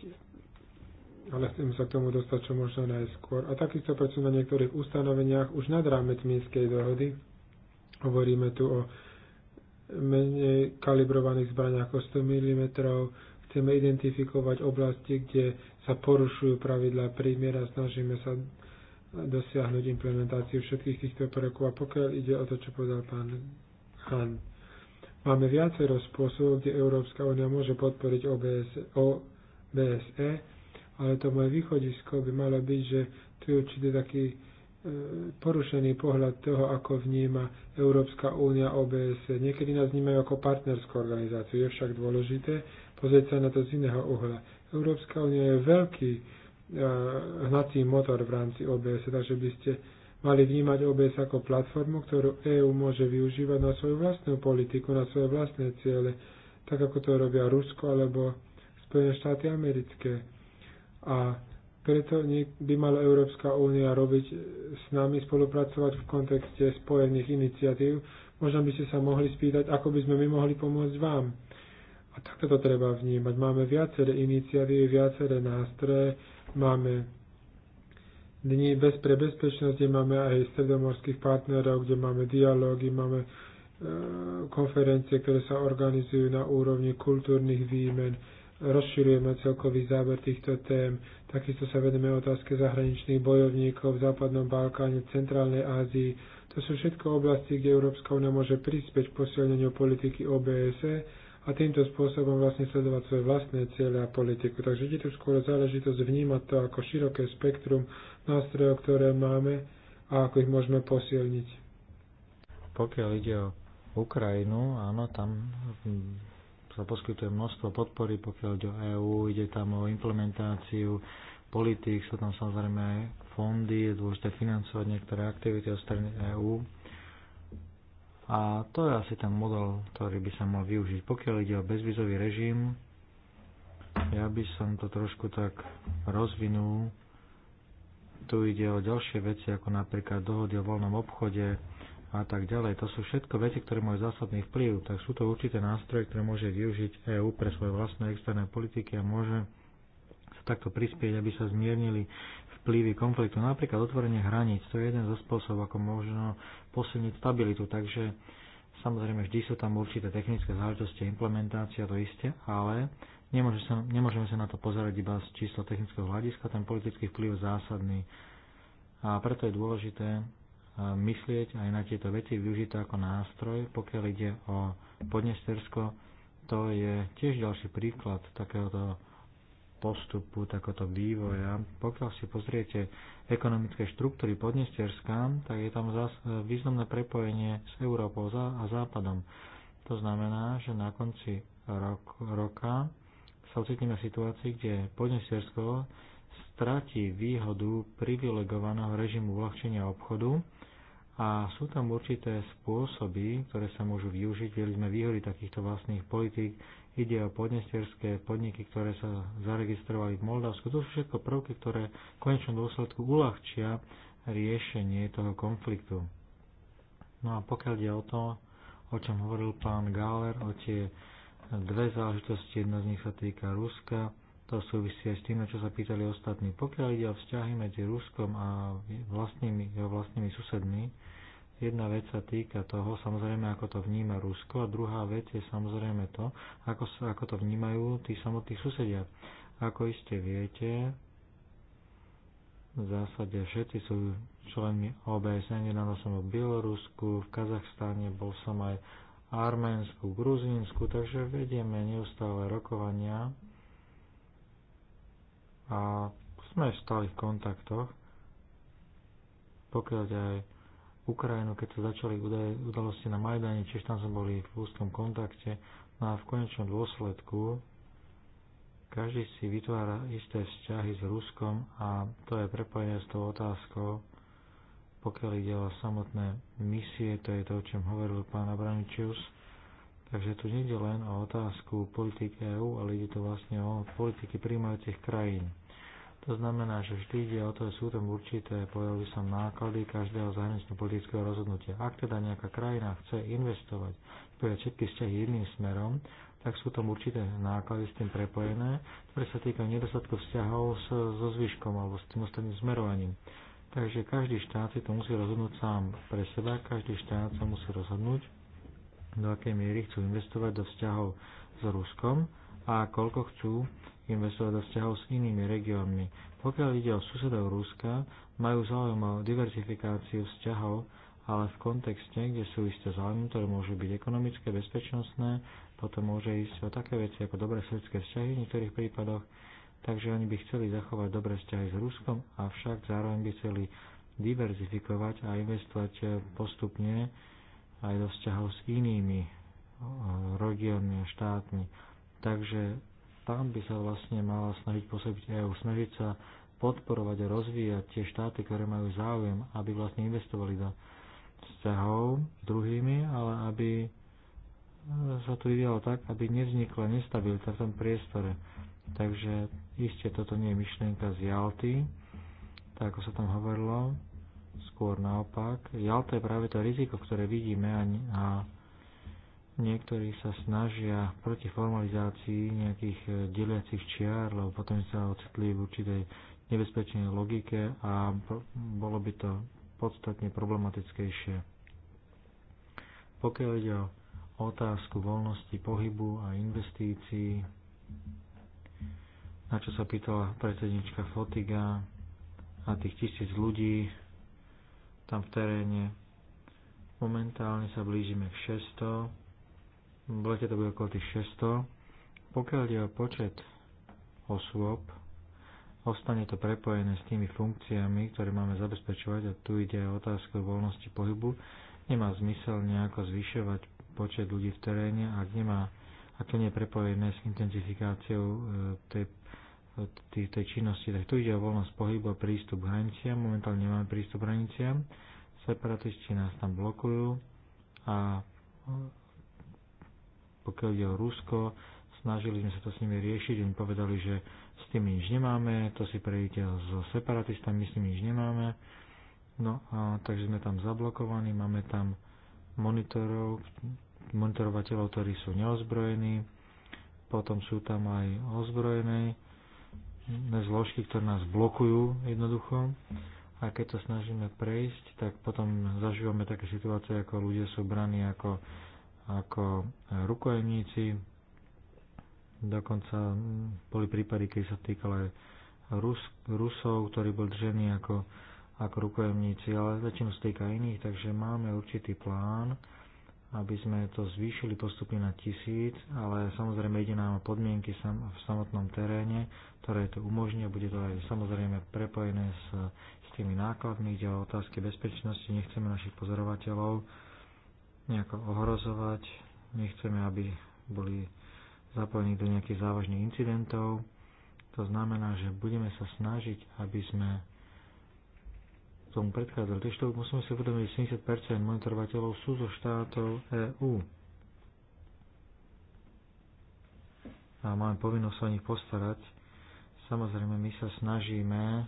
ale chceme sa k tomu dostať čo možno najskôr. A takisto pracujem na niektorých ustanoveniach už nad rámec Minskej dohody. Hovoríme tu o menej kalibrovaných zbraniach ako 100 mm, chceme identifikovať oblasti, kde sa porušujú pravidlá prímiera, snažíme sa dosiahnuť implementáciu všetkých týchto prvkov. A pokiaľ ide o to, čo povedal pán Han, Máme viacero spôsobov, kde Európska únia môže podporiť OBS, OBSE, e, ale to moje východisko by malo byť, že tu je určite taký e, porušený pohľad toho, ako vníma Európska únia OBSE. Niekedy nás vnímajú ako partnerskú organizáciu. Je však dôležité pozrieť sa na to z iného uhla. Európska únia je veľký e, hnací motor v rámci OBS, takže by ste mali vnímať OBS ako platformu, ktorú EÚ môže využívať na svoju vlastnú politiku, na svoje vlastné ciele, tak ako to robia Rusko alebo Spojené štáty americké. A preto by mala Európska únia robiť e, s nami, spolupracovať v kontexte spojených iniciatív. Možno by ste sa mohli spýtať, ako by sme my mohli pomôcť vám. A takto to treba vnímať. Máme viaceré iniciatívy, viaceré nástroje, máme dní bez pre bezpečnosť, kde máme aj stredomorských partnerov, kde máme dialógy, máme e, konferencie, ktoré sa organizujú na úrovni kultúrnych výmen, rozširujeme celkový záber týchto tém. Takisto sa vedeme otázke zahraničných bojovníkov v Západnom Balkáne, Centrálnej Ázii. To sú všetko oblasti, kde Európska únia môže prispieť k posilneniu politiky OBSE a týmto spôsobom vlastne sledovať svoje vlastné ciele a politiku. Takže je tu skôr záležitosť vnímať to ako široké spektrum nástrojov, ktoré máme a ako ich môžeme posilniť. Pokiaľ ide o Ukrajinu, áno, tam mm, sa poskytuje množstvo podpory, pokiaľ ide o EÚ, ide tam o implementáciu politik, sú tam samozrejme aj fondy, je dôležité financovať niektoré aktivity od strany EÚ a to je asi ten model, ktorý by sa mal využiť. Pokiaľ ide o bezvizový režim, ja by som to trošku tak rozvinul. Tu ide o ďalšie veci, ako napríklad dohody o voľnom obchode a tak ďalej. To sú všetko veci, ktoré majú zásadný vplyv. Tak sú to určité nástroje, ktoré môže využiť EÚ pre svoje vlastné externé politiky a môže sa takto prispieť, aby sa zmiernili vplyvy konfliktu. Napríklad otvorenie hraníc, to je jeden zo spôsobov, ako možno posilniť stabilitu. Takže samozrejme vždy sú tam určité technické záležitosti a implementácia, to isté, ale nemôže sa, nemôžeme sa na to pozerať iba z čisto technického hľadiska, ten politický vplyv je zásadný. A preto je dôležité e, myslieť aj na tieto veci, využiť to ako nástroj, pokiaľ ide o Podnestersko, to je tiež ďalší príklad takéhoto postupu takoto vývoja. Pokiaľ si pozriete ekonomické štruktúry Podnesterska, tak je tam e, významné prepojenie s Európou a Západom. To znamená, že na konci rok, roka sa ocitneme v situácii, kde podnestiersko stratí výhodu privilegovaného režimu uľahčenia obchodu a sú tam určité spôsoby, ktoré sa môžu využiť. Videli sme výhody takýchto vlastných politík ide o podnesterské podniky, ktoré sa zaregistrovali v Moldavsku. To sú všetko prvky, ktoré v konečnom dôsledku uľahčia riešenie toho konfliktu. No a pokiaľ ide o to, o čom hovoril pán Gáler, o tie dve záležitosti, jedna z nich sa týka Ruska, to súvisí aj s tým, čo sa pýtali ostatní. Pokiaľ ide o vzťahy medzi Ruskom a vlastnými, jeho vlastnými susedmi, Jedna vec sa týka toho, samozrejme, ako to vníma Rusko, a druhá vec je samozrejme to, ako, sa, ako to vnímajú tí samotní susedia. Ako iste viete, v zásade všetci sú členmi OBSN, nedávno som v Bielorusku, v Kazachstane, bol som aj v Arménsku, v Gruzínsku, takže vedieme neustále rokovania a sme v kontaktoch, pokiaľ aj Ukrajinu, keď sa začali udalosti na Majdane, čiže tam sme boli v úzkom kontakte. No a v konečnom dôsledku každý si vytvára isté vzťahy s Ruskom a to je prepojené s tou otázkou, pokiaľ ide o samotné misie, to je to, o čom hovoril pán Abramičius. Takže tu nejde len o otázku politiky EÚ, ale ide to vlastne o politiky príjmajúcich krajín. To znamená, že vždy ide o to, že sú tam určité, povedal by som, náklady každého zahraničného politického rozhodnutia. Ak teda nejaká krajina chce investovať povedať všetky vzťahy jedným smerom, tak sú tam určité náklady s tým prepojené, ktoré sa týkajú nedostatku vzťahov so zvyškom alebo s tým ostatným smerovaním. Takže každý štát si to musí rozhodnúť sám pre seba, každý štát sa musí rozhodnúť, do akej miery chcú investovať do vzťahov s Ruskom a koľko chcú investovať do vzťahov s inými regiónmi. Pokiaľ ide o susedov Ruska, majú záujem o diversifikáciu vzťahov, ale v kontexte, kde sú isté záujmy, ktoré môžu byť ekonomické, bezpečnostné, potom môže ísť o také veci ako dobré svedské vzťahy v niektorých prípadoch, takže oni by chceli zachovať dobré vzťahy s Ruskom, avšak zároveň by chceli diverzifikovať a investovať postupne aj do vzťahov s inými eh, regiónmi a štátmi. Takže tam by sa vlastne mala snažiť pôsobiť EÚ, snažiť sa podporovať a rozvíjať tie štáty, ktoré majú záujem, aby vlastne investovali do vzťahov s druhými, ale aby e, sa to vyvíjalo tak, aby nevznikla nestabilita v tom priestore. Takže iste toto nie je myšlienka z Jalty, tak ako sa tam hovorilo, skôr naopak. Jalta je práve to riziko, ktoré vidíme a, a Niektorí sa snažia proti formalizácii nejakých eh, deliacich čiar, lebo potom sa ocitli v určitej nebezpečnej logike a bolo by to podstatne problematickejšie. Pokiaľ ide o otázku voľnosti pohybu a investícií, na čo sa pýtala predsednička Fotiga a tých tisíc ľudí tam v teréne. Momentálne sa blížime k 600 v lete to bude okolo tých 600. Pokiaľ ide o počet osôb, ostane to prepojené s tými funkciami, ktoré máme zabezpečovať a tu ide o otázku voľnosti pohybu. Nemá zmysel nejako zvyšovať počet ľudí v teréne, ak, nemá, ak to nie je prepojené s intenzifikáciou e, tej, tej, tej činnosti. Tak tu ide o voľnosť pohybu a prístup k hraniciam. Momentálne nemáme prístup k hraniciam. Separatisti nás tam blokujú a pokiaľ ide o Rusko, snažili sme sa to s nimi riešiť, oni povedali, že s tým nič nemáme, to si prejdete so separatistami, my s nimi nič nemáme. No a takže sme tam zablokovaní, máme tam monitorov, monitorovateľov, ktorí sú neozbrojení, potom sú tam aj ozbrojené zložky, ktoré nás blokujú jednoducho a keď to snažíme prejsť, tak potom zažívame také situácie, ako ľudia sú braní ako ako rukojemníci. Dokonca boli prípady, keď sa týkalo aj Rus, Rusov, ktorí boli držení ako, ako rukojemníci, ale väčšinou sa týka iných, takže máme určitý plán, aby sme to zvýšili postupne na tisíc, ale samozrejme ide nám o podmienky v samotnom teréne, ktoré to umožňuje, bude to aj samozrejme prepojené s, s tými nákladmi, ide o otázky bezpečnosti, nechceme našich pozorovateľov, nejako ohrozovať, nechceme, aby boli zapojení do nejakých závažných incidentov. To znamená, že budeme sa snažiť, aby sme tomu predchádzali. Takže to musíme si uvedomiť, že 70% monitorovateľov sú zo štátov EÚ. A máme povinnosť sa o nich postarať. Samozrejme, my sa snažíme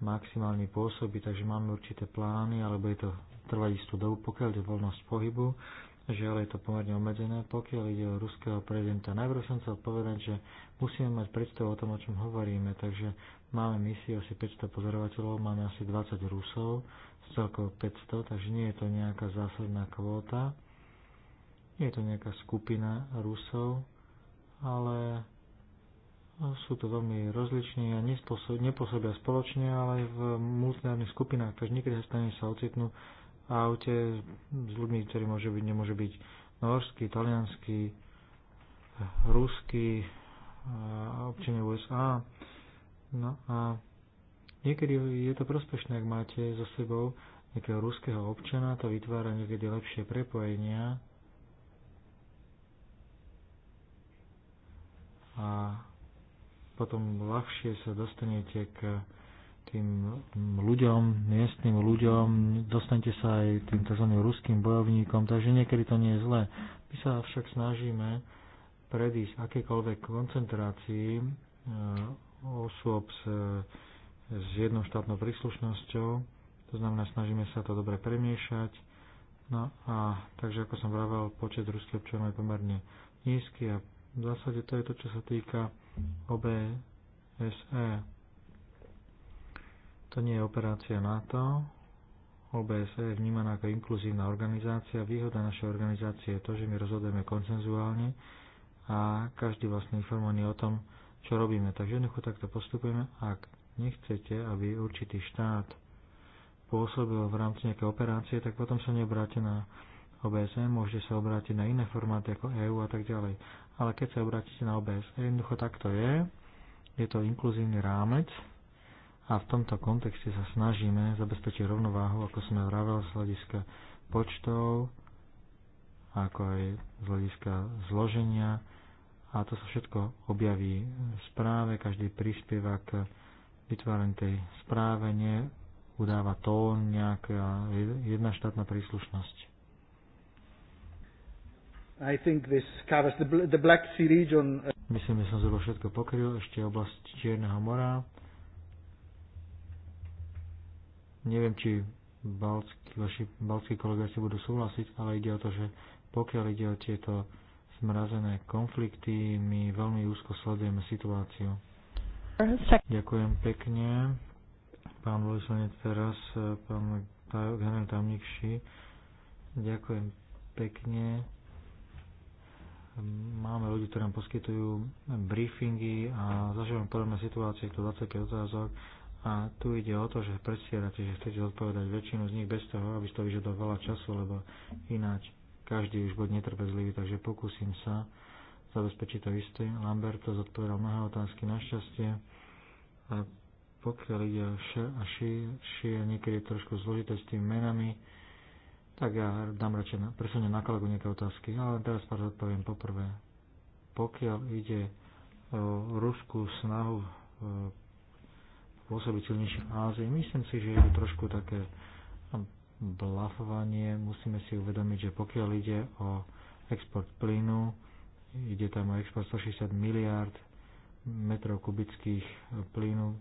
maximálne pôsobiť, takže máme určité plány, alebo je to istú dobu, pokiaľ je voľnosť pohybu, že ale je to pomerne obmedzené. Pokiaľ ide o ruského prezidenta, najprv som chcel povedať, že musíme mať predstavu o tom, o čom hovoríme, takže máme misiu asi 500 pozorovateľov, máme asi 20 Rusov, z celkovo 500, takže nie je to nejaká zásadná kvóta, nie je to nejaká skupina Rusov, ale sú to veľmi rozliční a nepôsobia spoločne, ale v multinárnych skupinách, takže niekedy sa stane sa ocitnú aute s ľuďmi, ktorí môže byť, nemôže byť norský, italianský, ruský, občania USA. No a niekedy je to prospešné, ak máte so sebou nejakého ruského občana, to vytvára niekedy lepšie prepojenia a potom ľahšie sa dostanete k tým ľuďom, miestnym ľuďom, dostanete sa aj tým tzv. ruským bojovníkom, takže niekedy to nie je zlé. My sa však snažíme predísť akékoľvek koncentrácii e, osôb s, e, s jednou štátnou príslušnosťou, to znamená, snažíme sa to dobre premiešať. No a takže, ako som vravel, počet ruských občanov je pomerne nízky a v zásade to je to, čo sa týka OBSE. To nie je operácia NATO. OBS e je vnímaná ako inkluzívna organizácia. Výhoda našej organizácie je to, že my rozhodujeme koncenzuálne a každý vlastne informovaný o tom, čo robíme. Takže jednoducho takto postupujeme. Ak nechcete, aby určitý štát pôsobil v rámci nejakej operácie, tak potom sa neobráte na OBSE, môžete sa obrátiť na iné formáty ako EU a tak ďalej. Ale keď sa obrátite na OBSE, jednoducho takto je, je to inkluzívny rámec, a v tomto kontexte sa snažíme zabezpečiť rovnováhu, ako sme vraveli, z hľadiska počtov, ako aj z hľadiska zloženia. A to sa všetko objaví v správe, každý prispieva k vytváraní tej správe, udáva tón nejaká jedna štátna príslušnosť. I think this covers the, the Black Sea region. Myslím, že som zhruba všetko pokryl, ešte oblasť Čierneho mora Neviem, či balckí, vaši balckí kolegovia si budú súhlasiť, ale ide o to, že pokiaľ ide o tieto zmrazené konflikty, my veľmi úzko sledujeme situáciu. Ďakujem pekne. Pán Vojslanec teraz, pán generál Tamnikši. Ďakujem pekne. Máme ľudí, ktorí nám poskytujú briefingy a zažívame podobné situácie, to 20 otázok a tu ide o to, že predstierate, že chcete odpovedať väčšinu z nich bez toho, aby to vyžadovalo veľa času, lebo ináč každý už bude netrpezlivý, takže pokúsim sa zabezpečiť to isté. Lamberto zodpovedal mnohé otázky na šťastie. A pokiaľ ide o š a ši, ši je niekedy trošku zložité s tými menami, tak ja dám radšej na, presuniem na kolegu nejaké otázky, ale teraz pár odpoviem poprvé. Pokiaľ ide o ruskú snahu e, pôsobiť silnejšie v Ázii. Myslím si, že je to trošku také no, blafovanie. Musíme si uvedomiť, že pokiaľ ide o export plynu, ide tam o export 160 miliard metrov kubických plynu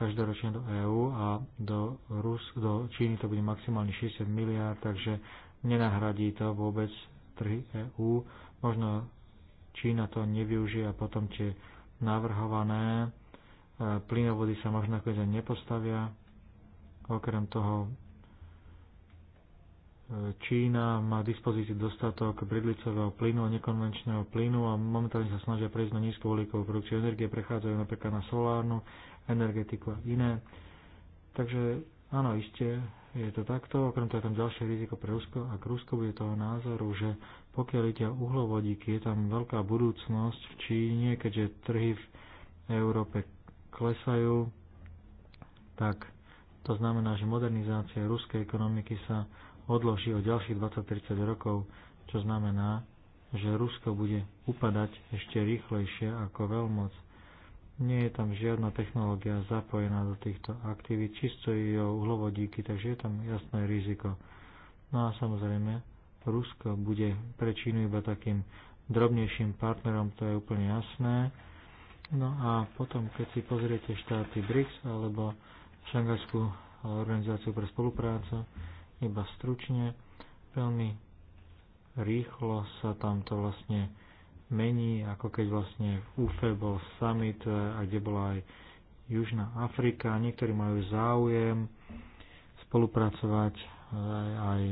každoročne do EÚ a do, Rus, do Číny to bude maximálne 60 miliard, takže nenahradí to vôbec trhy EÚ. Možno Čína to nevyužije a potom tie navrhované plynovody sa možno nakoniec ani nepostavia. Okrem toho e, Čína má dispozícii dostatok bridlicového plynu a nekonvenčného plynu a momentálne sa snažia prejsť na nízku nízkouhlíkovú produkciu energie, prechádzajú napríklad na solárnu energetiku a iné. Takže áno, iste je to takto. Okrem toho je tam ďalšie riziko pre Rusko a k Rusko bude toho názoru, že pokiaľ ide uhlovodíky, je tam veľká budúcnosť v Číne, keďže trhy v Európe klesajú, tak to znamená, že modernizácia ruskej ekonomiky sa odloží o ďalších 20-30 rokov, čo znamená, že Rusko bude upadať ešte rýchlejšie ako veľmoc. Nie je tam žiadna technológia zapojená do týchto aktivít, čisto je o uhlovodíky, takže je tam jasné riziko. No a samozrejme, Rusko bude pre Čínu iba takým drobnejším partnerom, to je úplne jasné. No a potom, keď si pozriete štáty BRICS alebo Šangajskú organizáciu pre spoluprácu, iba stručne, veľmi rýchlo sa tam to vlastne mení, ako keď vlastne v UFE bol summit eh, a kde bola aj Južná Afrika. Niektorí majú záujem spolupracovať aj, eh, aj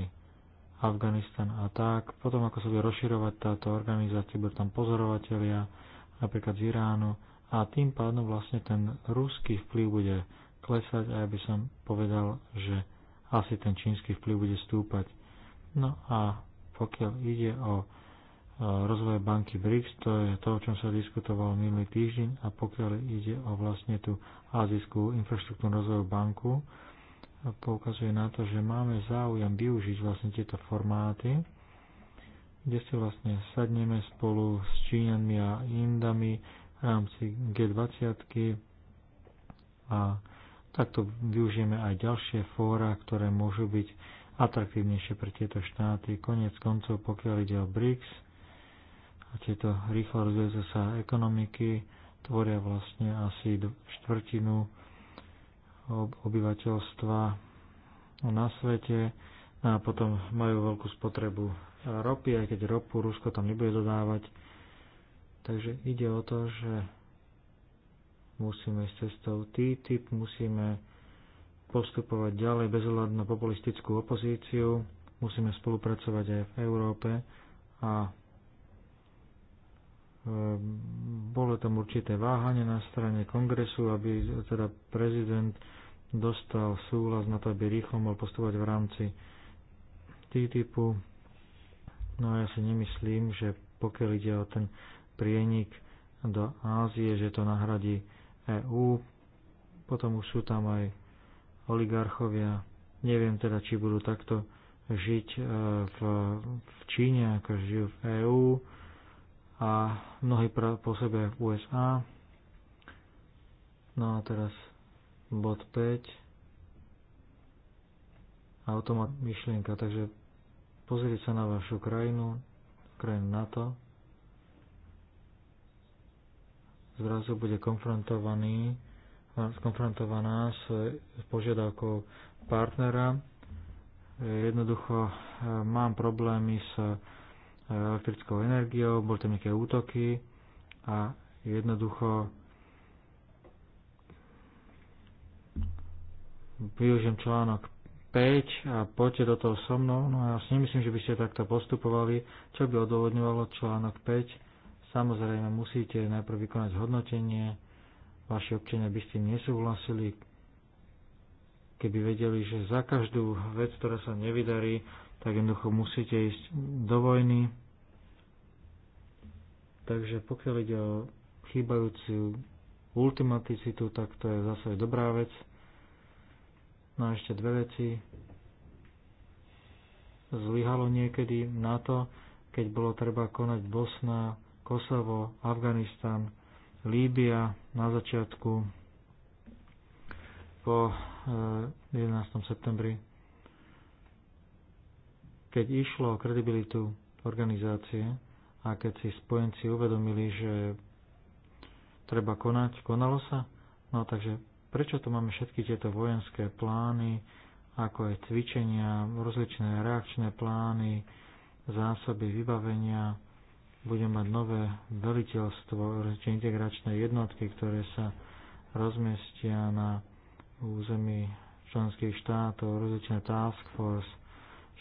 Afganistan a tak. Potom, ako sa bude rozširovať táto organizácia, budú tam pozorovatelia, napríklad z Iránu, a tým pádom vlastne ten ruský vplyv bude klesať a ja by som povedal, že asi ten čínsky vplyv bude stúpať. No a pokiaľ ide o e, rozvoj banky BRICS, to je to, o čom sa diskutovalo minulý týždeň a pokiaľ ide o vlastne tú azijskú infraštruktúru rozvoju banku, poukazuje na to, že máme záujem využiť vlastne tieto formáty, kde si vlastne sadneme spolu s Číňanmi a Indami, v rámci G20 a takto využijeme aj ďalšie fóra, ktoré môžu byť atraktívnejšie pre tieto štáty. Konec koncov, pokiaľ ide o BRICS a tieto rýchlo rozvíjajúce sa ekonomiky, tvoria vlastne asi štvrtinu obyvateľstva na svete a potom majú veľkú spotrebu ropy, aj keď ropu Rusko tam nebude dodávať. Takže ide o to, že musíme s cestou TTIP, musíme postupovať ďalej bez ohľadu na populistickú opozíciu, musíme spolupracovať aj v Európe a ehm, bolo tam určité váhanie na strane kongresu, aby teda prezident dostal súhlas na to, aby rýchlo mal postupovať v rámci TTIPu. No a ja si nemyslím, že pokiaľ ide o ten prienik do Ázie, že to nahradí EÚ. Potom už sú tam aj oligarchovia. Neviem teda, či budú takto žiť e, v, v Číne, ako žijú v EÚ a mnohí po sebe v USA. No a teraz bod 5 automat myšlienka, takže pozrieť sa na vašu krajinu, krajinu NATO, zrazu bude konfrontovaný, skonfrontovaná s, s požiadavkou partnera. Jednoducho e, mám problémy s e, elektrickou energiou, boli tam nejaké útoky a jednoducho využijem článok 5 a poďte do toho so mnou. No ja si nemyslím, že by ste takto postupovali, čo by odôvodňovalo článok 5 Samozrejme, musíte najprv vykonať hodnotenie, vaši občania by s tým nesúhlasili, keby vedeli, že za každú vec, ktorá sa nevydarí, tak jednoducho musíte ísť do vojny. Takže pokiaľ ide o chýbajúcu ultimaticitu, tak to je zase dobrá vec. No a ešte dve veci. Zlyhalo niekedy na to, keď bolo treba konať Bosna Kosovo, Afganistan, Líbia na začiatku po 11. Eh, septembri, keď išlo o kredibilitu organizácie a keď si spojenci uvedomili, že treba konať, konalo sa. No takže prečo tu máme všetky tieto vojenské plány, ako aj cvičenia, rozličné reakčné plány, zásoby vybavenia, Budeme mať nové veliteľstvo, či integračné jednotky, ktoré sa rozmestia na území členských štátov, rozličné task force.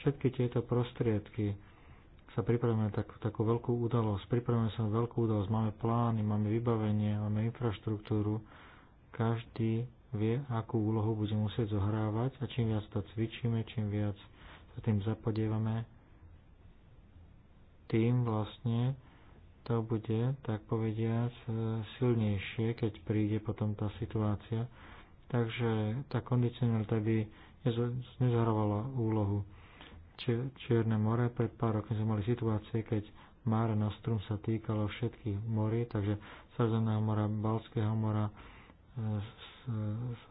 Všetky tieto prostriedky sa pripravujeme na tak, takú veľkú udalosť. Pripravujeme sa na veľkú udalosť. Máme plány, máme vybavenie, máme infraštruktúru. Každý vie, akú úlohu bude musieť zohrávať a čím viac to cvičíme, čím viac sa tým zapodievame, tým vlastne to bude, tak povediať, e, silnejšie, keď príde potom tá situácia. Takže tá kondicionalita by nezahrovala úlohu. Čierne more, pred pár rokmi sme mali situácie, keď Mare Nostrum sa týkalo všetkých morí, takže Sredozemného mora, Balského mora, e,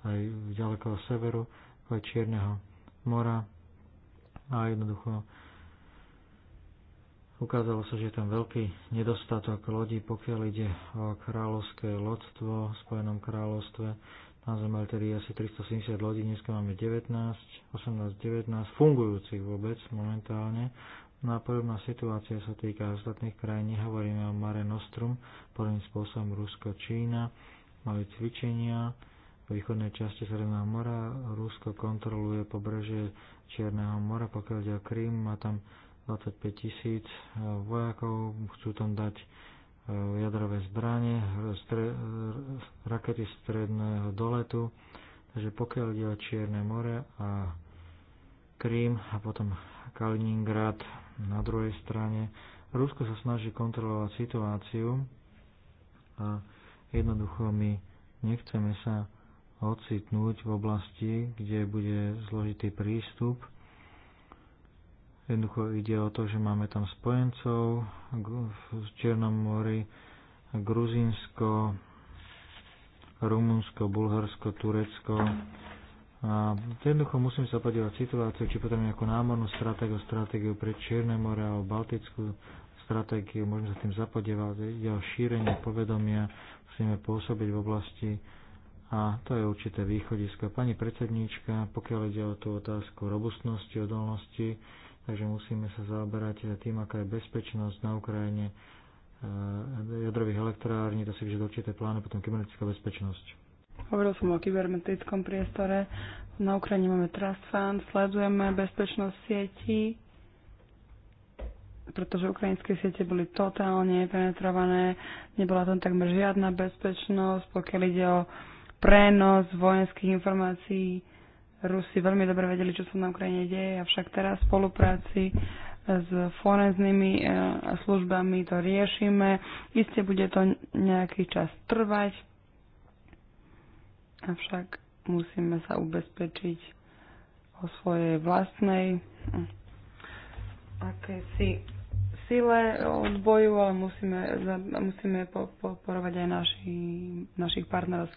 aj ďalekého severu, aj Čierneho mora a jednoducho Ukázalo sa, že je tam veľký nedostatok lodí, pokiaľ ide o kráľovské lodstvo v Spojenom kráľovstve. Na sme mali tedy asi 370 lodí, dneska máme 19, 18, 19 fungujúcich vôbec momentálne. No a podobná situácia sa týka ostatných krajín. Nehovoríme o Mare Nostrum, podobným spôsobom Rusko, Čína, mali cvičenia, v východnej časti Sredného mora. Rusko kontroluje pobrežie Čierneho mora, pokiaľ ide o Krím, má tam 25 tisíc eh, vojakov, chcú tam dať eh, jadrové zbranie, stre, eh, rakety stredného doletu. Takže pokiaľ ide o Čierne more a Krím a potom Kaliningrad na druhej strane, Rusko sa snaží kontrolovať situáciu a jednoducho my nechceme sa ocitnúť v oblasti, kde bude zložitý prístup Jednoducho ide o to, že máme tam spojencov v Čiernom mori, Gruzínsko, Rumunsko, Bulharsko, Turecko. A jednoducho musím sa podívať situáciu, či potrebujem nejakú námornú stratégiu, stratégiu pre Čierne more alebo Baltickú stratégiu, môžeme sa tým zapodievať, ide o šírenie povedomia, musíme pôsobiť v oblasti a to je určité východisko. Pani predsedníčka, pokiaľ ide o tú otázku robustnosti, odolnosti, takže musíme sa zaoberať tým, aká je bezpečnosť na Ukrajine e, jadrových elektrární, to si vyžaduje určité plány, potom kybernetická bezpečnosť. Hovoril som o kybernetickom priestore. Na Ukrajine máme Trust Fund, sledujeme bezpečnosť sietí, pretože ukrajinské siete boli totálne penetrované, nebola tam takmer žiadna bezpečnosť, pokiaľ ide o prenos vojenských informácií Rusi veľmi dobre vedeli, čo sa na Ukrajine deje, avšak teraz v spolupráci e, s forenznými e, službami to riešime. Isté bude to nejaký čas trvať, avšak musíme sa ubezpečiť o svojej vlastnej hm, akési sile odboju, ale musíme, musíme podporovať aj naši, našich partnerov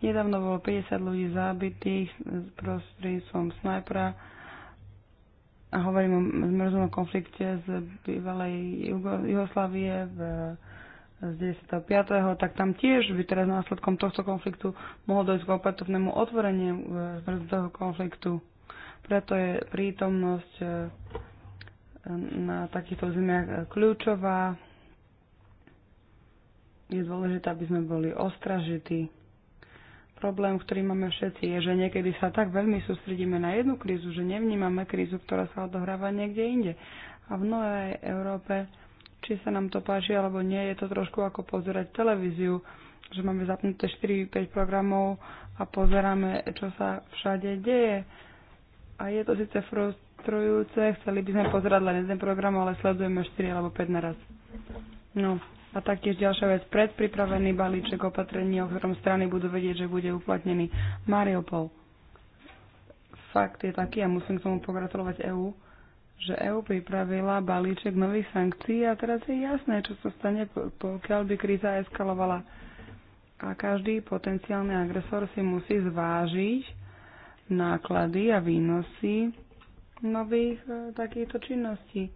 Nedávno bolo 50 ľudí zabitých prostredníctvom snajpera a hovorím o zmrzlom konflikte z bývalej Jugoslavie v z 95. tak tam tiež by teraz následkom tohto konfliktu mohlo dojsť k opätovnému otvoreniu e, zmrznutého konfliktu. Preto je prítomnosť e, na takýchto zemiach e, kľúčová. Je dôležité, aby sme boli ostražití. Problém, ktorý máme všetci, je, že niekedy sa tak veľmi sústredíme na jednu krízu, že nevnímame krízu, ktorá sa odohráva niekde inde. A v novej Európe, či sa nám to páči alebo nie, je to trošku ako pozerať televíziu, že máme zapnuté 4-5 programov a pozeráme, čo sa všade deje. A je to síce frustrujúce, chceli by sme pozerať len jeden program, ale sledujeme 4 alebo 5 naraz. No, a taktiež ďalšia vec, predpripravený balíček opatrení, o ktorom strany budú vedieť, že bude uplatnený. Mariupol. Fakt je taký, a musím k tomu pogratulovať EÚ, že EÚ pripravila balíček nových sankcií a teraz je jasné, čo sa stane, pokiaľ by kríza eskalovala. A každý potenciálny agresor si musí zvážiť náklady a výnosy nových e, takýchto činností.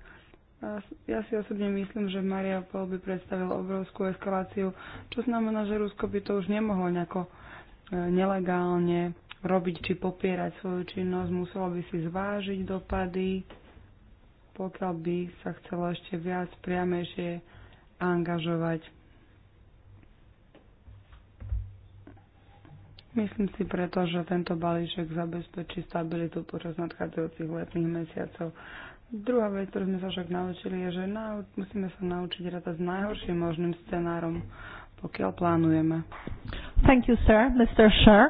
Ja si osobne myslím, že Mariupol by predstavil obrovskú eskaláciu, čo znamená, že Rusko by to už nemohlo nejako e, nelegálne robiť či popierať svoju činnosť, muselo by si zvážiť dopady, pokiaľ by sa chcelo ešte viac priamejšie angažovať. Myslím si preto, že tento balíček zabezpečí stabilitu počas nadchádzajúcich letných mesiacov. Druhá vec, ktorú sme sa však naučili, je, že musíme sa naučiť rada s najhorším možným scenárom, pokiaľ plánujeme. Thank you, sir. Mr. Scher.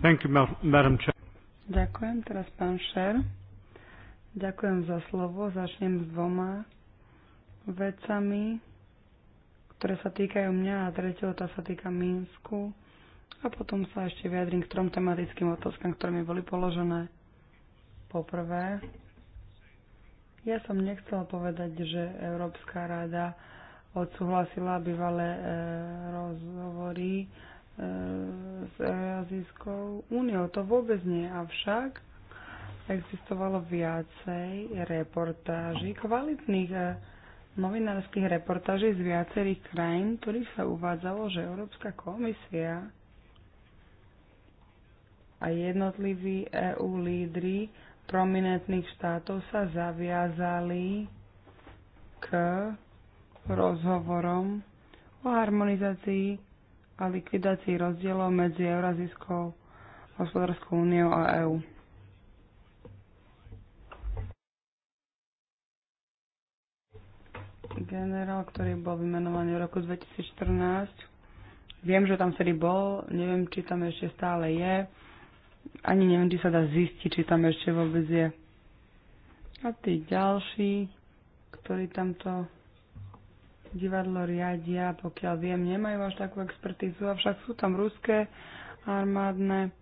Thank you, Madam Chair. Ďakujem. Teraz pán Scher. Ďakujem za slovo. Začnem s dvoma vecami, ktoré sa týkajú mňa a tretia tá sa týka Minsku. A potom sa ešte vyjadrím k trom tematickým otázkam, ktoré mi boli položené. Poprvé, ja som nechcela povedať, že Európska rada odsúhlasila bývalé e, rozhovory e, s Eurázijskou úniou. To vôbec nie. Avšak existovalo viacej reportáží, kvalitných e, novinárskych reportáží z viacerých krajín, ktorých sa uvádzalo, že Európska komisia a jednotliví EU lídry prominentných štátov sa zaviazali k rozhovorom o harmonizácii a likvidácii rozdielov medzi Eurazijskou hospodárskou úniou a EÚ. Generál, ktorý bol vymenovaný v roku 2014, viem, že tam vtedy bol, neviem, či tam ešte stále je, ani neviem, či sa dá zistiť, či tam ešte vôbec je. A tí ďalší, ktorí tamto divadlo riadia, pokiaľ viem, nemajú až takú expertizu, avšak sú tam ruské armádne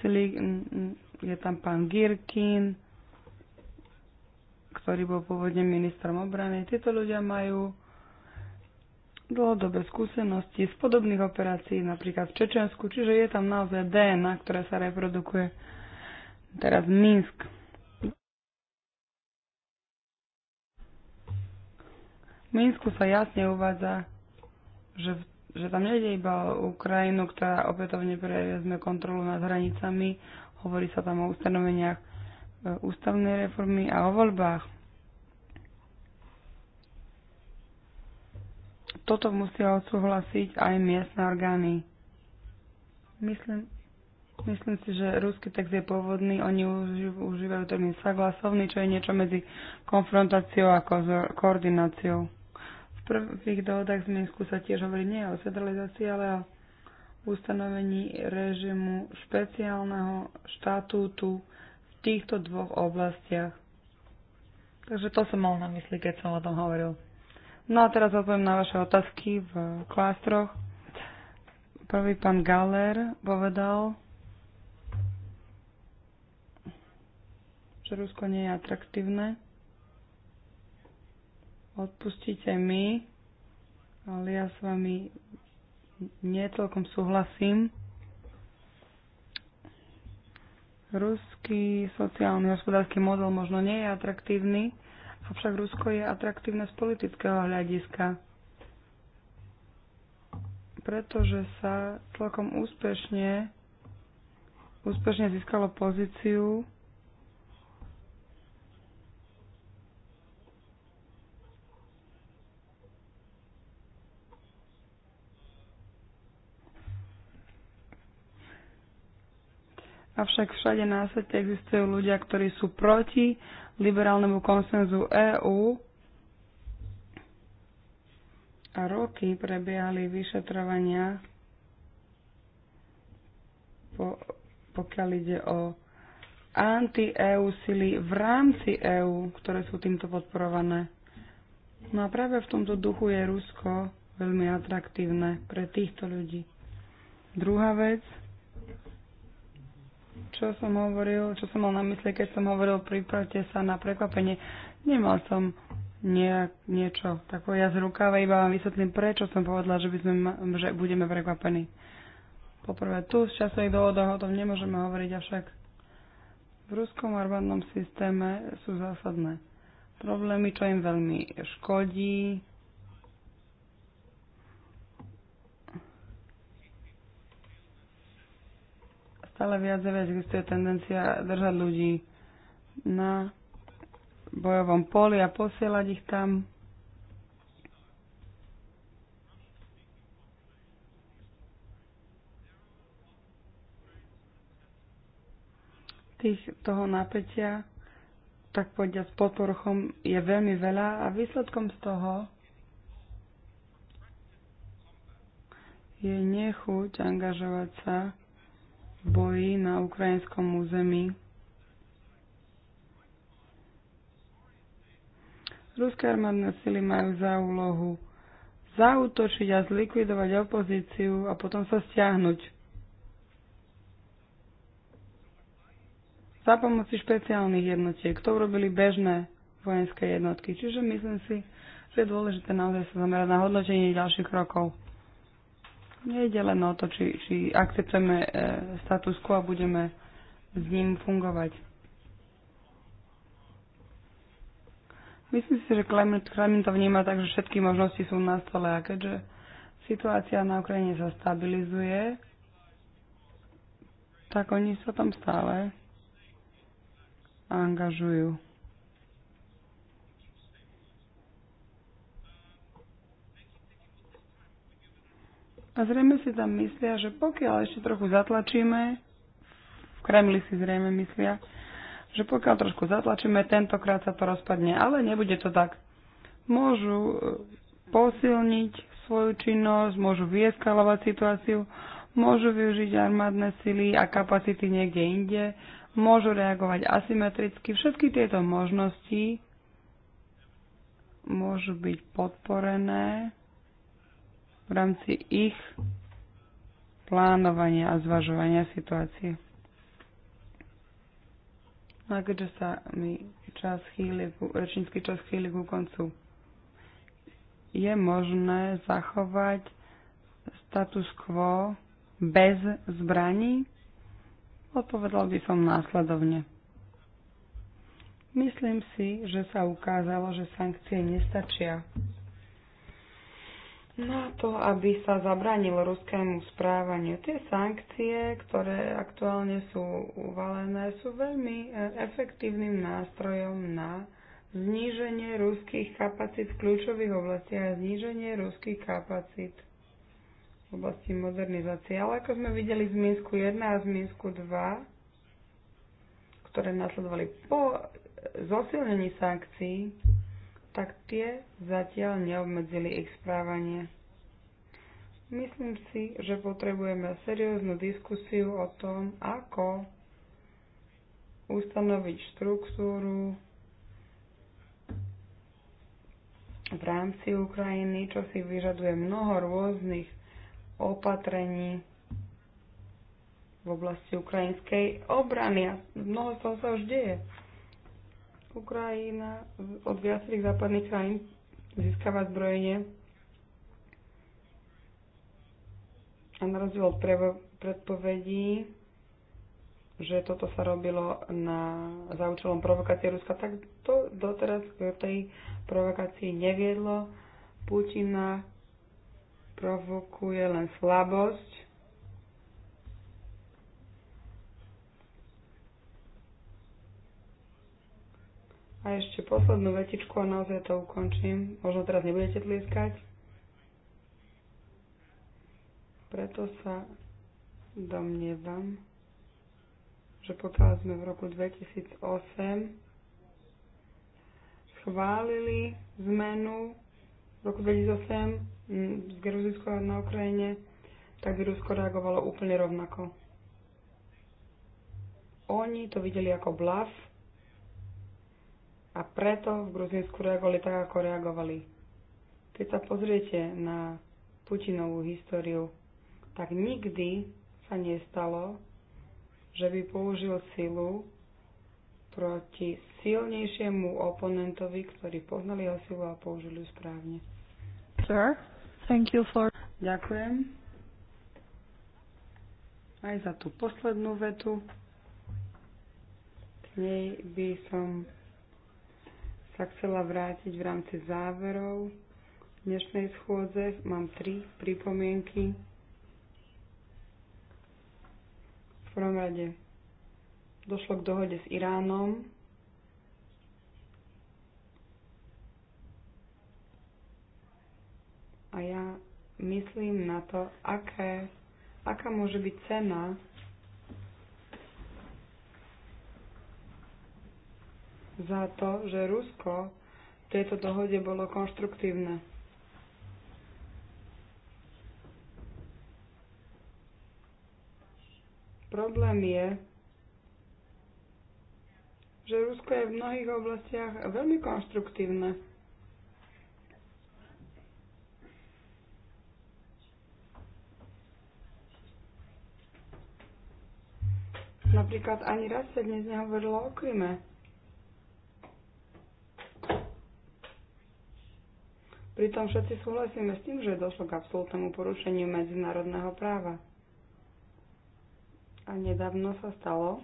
sily, je tam pán Girkin, ktorý bol pôvodne ministrom obrany. Títo ľudia majú dlhodobé skúsenosti z podobných operácií, napríklad v Čečensku, čiže je tam naozaj DNA, ktoré sa reprodukuje. Teraz Minsk. V Minsku sa jasne uvádza, že, že tam nejde iba o Ukrajinu, ktorá opätovne prevezme kontrolu nad hranicami, hovorí sa tam o ustanoveniach e, ústavnej reformy a o voľbách. toto musia odsúhlasiť aj miestne orgány. Myslím, myslím si, že ruský text je pôvodný, oni užívajú termín saglasovný, čo je niečo medzi konfrontáciou a koordináciou. V prvých dohodách z Minsku sa tiež hovorí nie o centralizácii, ale o ustanovení režimu špeciálneho štatútu v týchto dvoch oblastiach. Takže to som mal na mysli, keď som o tom hovoril. No a teraz odpoviem na vaše otázky v klástroch. Prvý pán Galer povedal, že Rusko nie je atraktívne. Odpustite mi, ale ja s vami nietelkom súhlasím. Ruský sociálny hospodársky model možno nie je atraktívny, Avšak Rusko je atraktívne z politického hľadiska, pretože sa celkom úspešne, úspešne získalo pozíciu Avšak všade na svete existujú ľudia, ktorí sú proti liberálnemu konsenzu EÚ a roky prebiehali vyšetrovania, po, pokiaľ ide o anti-EU sily v rámci EÚ, ktoré sú týmto podporované. No a práve v tomto duchu je Rusko veľmi atraktívne pre týchto ľudí. Druhá vec – čo som hovoril, čo som mal na mysli, keď som hovoril, pripravte sa na prekvapenie. Nemal som nejak, niečo takové ja z rukáva, iba vám vysvetlím, prečo som povedala, že, by sme, že budeme prekvapení. Poprvé, tu z časových dôvodov o tom nemôžeme hovoriť, avšak v ruskom armádnom systéme sú zásadné problémy, čo im veľmi škodí, stále viac a viac existuje tendencia držať ľudí na bojovom poli a posielať ich tam. Tých, toho napätia, tak povediať, s podporuchom je veľmi veľa a výsledkom z toho je nechuť angažovať sa boji na ukrajinskom území. Ruské armádne sily majú za úlohu zautočiť a zlikvidovať opozíciu a potom sa stiahnuť. Za pomoci špeciálnych jednotiek, to urobili bežné vojenské jednotky. Čiže myslím si, že je dôležité naozaj sa zamerať na hodnotenie ďalších krokov. Nejde len o to, či, či akceptujeme e, status quo a budeme s ním fungovať. Myslím si, že Klemen, Klemen to vníma tak, že všetky možnosti sú na stole a keďže situácia na Ukrajine sa stabilizuje, tak oni sa tam stále angažujú. A zrejme si tam myslia, že pokiaľ ešte trochu zatlačíme, v Kremli si zrejme myslia, že pokiaľ trošku zatlačíme, tentokrát sa to rozpadne. Ale nebude to tak. Môžu e, posilniť svoju činnosť, môžu vyeskalovať situáciu, môžu využiť armádne sily a kapacity niekde inde, môžu reagovať asymetricky. Všetky tieto možnosti môžu byť podporené v rámci ich plánovania a zvažovania situácie. A keďže sa mi čas chýli, rečnícky čas chýli ku koncu, je možné zachovať status quo bez zbraní? Odpovedal by som následovne. Myslím si, že sa ukázalo, že sankcie nestačia na to, aby sa zabránilo ruskému správaniu. Tie sankcie, ktoré aktuálne sú uvalené, sú veľmi e, efektívnym nástrojom na zníženie ruských kapacít v kľúčových oblastiach a zníženie ruských kapacít v oblasti modernizácie. Ale ako sme videli z Minsku 1 a z Minsku 2, ktoré nasledovali po zosilnení sankcií, tak tie zatiaľ neobmedzili ich správanie. Myslím si, že potrebujeme serióznu diskusiu o tom, ako ustanoviť štruktúru v rámci Ukrajiny, čo si vyžaduje mnoho rôznych opatrení v oblasti ukrajinskej obrany a mnoho z toho sa už deje. Ukrajina od viacerých západných krajín získava zbrojenie a na rozdiel od predpovedí, že toto sa robilo na, za účelom provokácie Ruska, tak to doteraz k tej provokácii neviedlo. Putina provokuje len slabosť A ešte poslednú vetičku a naozaj to ukončím. Možno teraz nebudete tlieskať. Preto sa domnievam, že pokiaľ sme v roku 2008 schválili zmenu v roku 2008 z Gruzicko na Ukrajine, tak by Rusko reagovalo úplne rovnako. Oni to videli ako blav, a preto v Gruzinsku reagovali tak, ako reagovali. Keď sa pozriete na Putinovú históriu, tak nikdy sa nestalo, že by použil silu proti silnejšiemu oponentovi, ktorí poznali jeho silu a použili ju správne. Sir, thank you for... Ďakujem. Aj za tú poslednú vetu. K nej by som sa chcela vrátiť v rámci záverov dnešnej schôdze. Mám tri pripomienky. V prvom rade došlo k dohode s Iránom. A ja myslím na to, aké, aká môže byť cena za to, že Rusko v tejto dohode bolo konštruktívne. Problém je, že Rusko je v mnohých oblastiach veľmi konštruktívne. Napríklad ani raz sa dnes nehovorilo o Kryme. Pritom všetci súhlasíme s tým, že došlo k absolútnemu porušeniu medzinárodného práva. A nedávno sa stalo,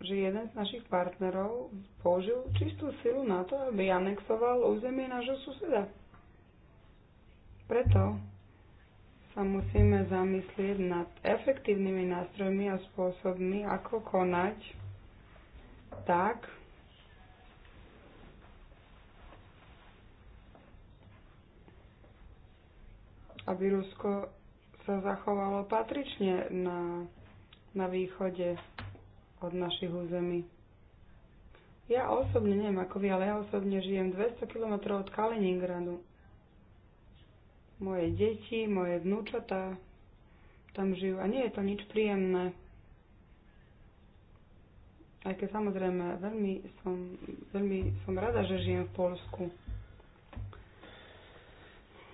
že jeden z našich partnerov použil čistú silu na to, aby anexoval územie nášho suseda. Preto sa musíme zamyslieť nad efektívnymi nástrojmi a spôsobmi, ako konať tak, aby Rusko sa zachovalo patrične na, na východe od našich území. Ja osobne, neviem ako vy, ale ja osobne žijem 200 km od Kaliningradu. Moje deti, moje vnúčatá tam žijú a nie je to nič príjemné. Aj keď samozrejme veľmi som, veľmi som rada, že žijem v Polsku.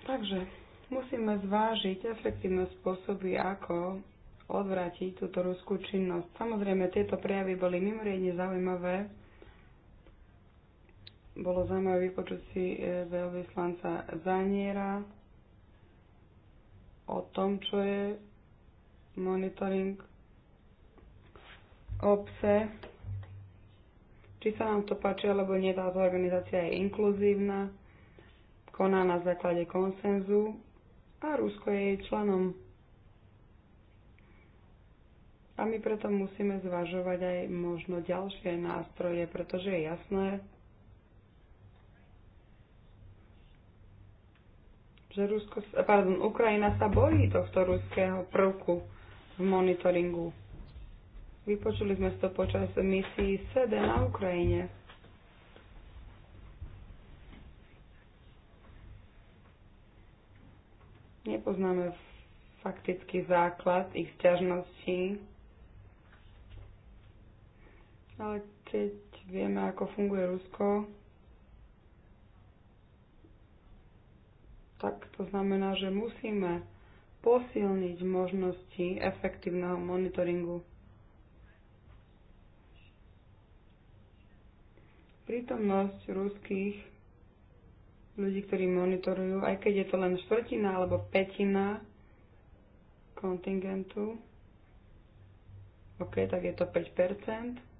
Takže Musíme zvážiť efektívne spôsoby, ako odvrátiť túto ruskú činnosť. Samozrejme, tieto prejavy boli mimoriadne zaujímavé. Bolo zaujímavé vypočuť si e, veľvyslanca Zaniera o tom, čo je monitoring obce, či sa nám to páči alebo nie, táto organizácia je inkluzívna, koná na základe konsenzu a Rusko je jej členom. A my preto musíme zvažovať aj možno ďalšie nástroje, pretože je jasné, že Rusko, pardon, Ukrajina sa bojí tohto ruského prvku v monitoringu. Vypočuli sme to počas misií SEDE na Ukrajine. Nepoznáme faktický základ ich sťažnosti, ale keď vieme, ako funguje Rusko, tak to znamená, že musíme posilniť možnosti efektívneho monitoringu. Prítomnosť ruských ľudí, ktorí monitorujú, aj keď je to len štvrtina alebo petina kontingentu. OK, tak je to 5%.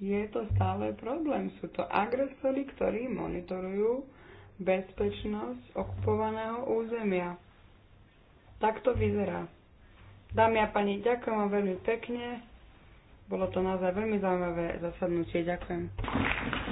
Je to stále problém. Sú to agresori, ktorí monitorujú bezpečnosť okupovaného územia. Tak to vyzerá. Dámy a pani, ďakujem vám veľmi pekne. Bolo to naozaj veľmi zaujímavé zasadnutie. Ďakujem.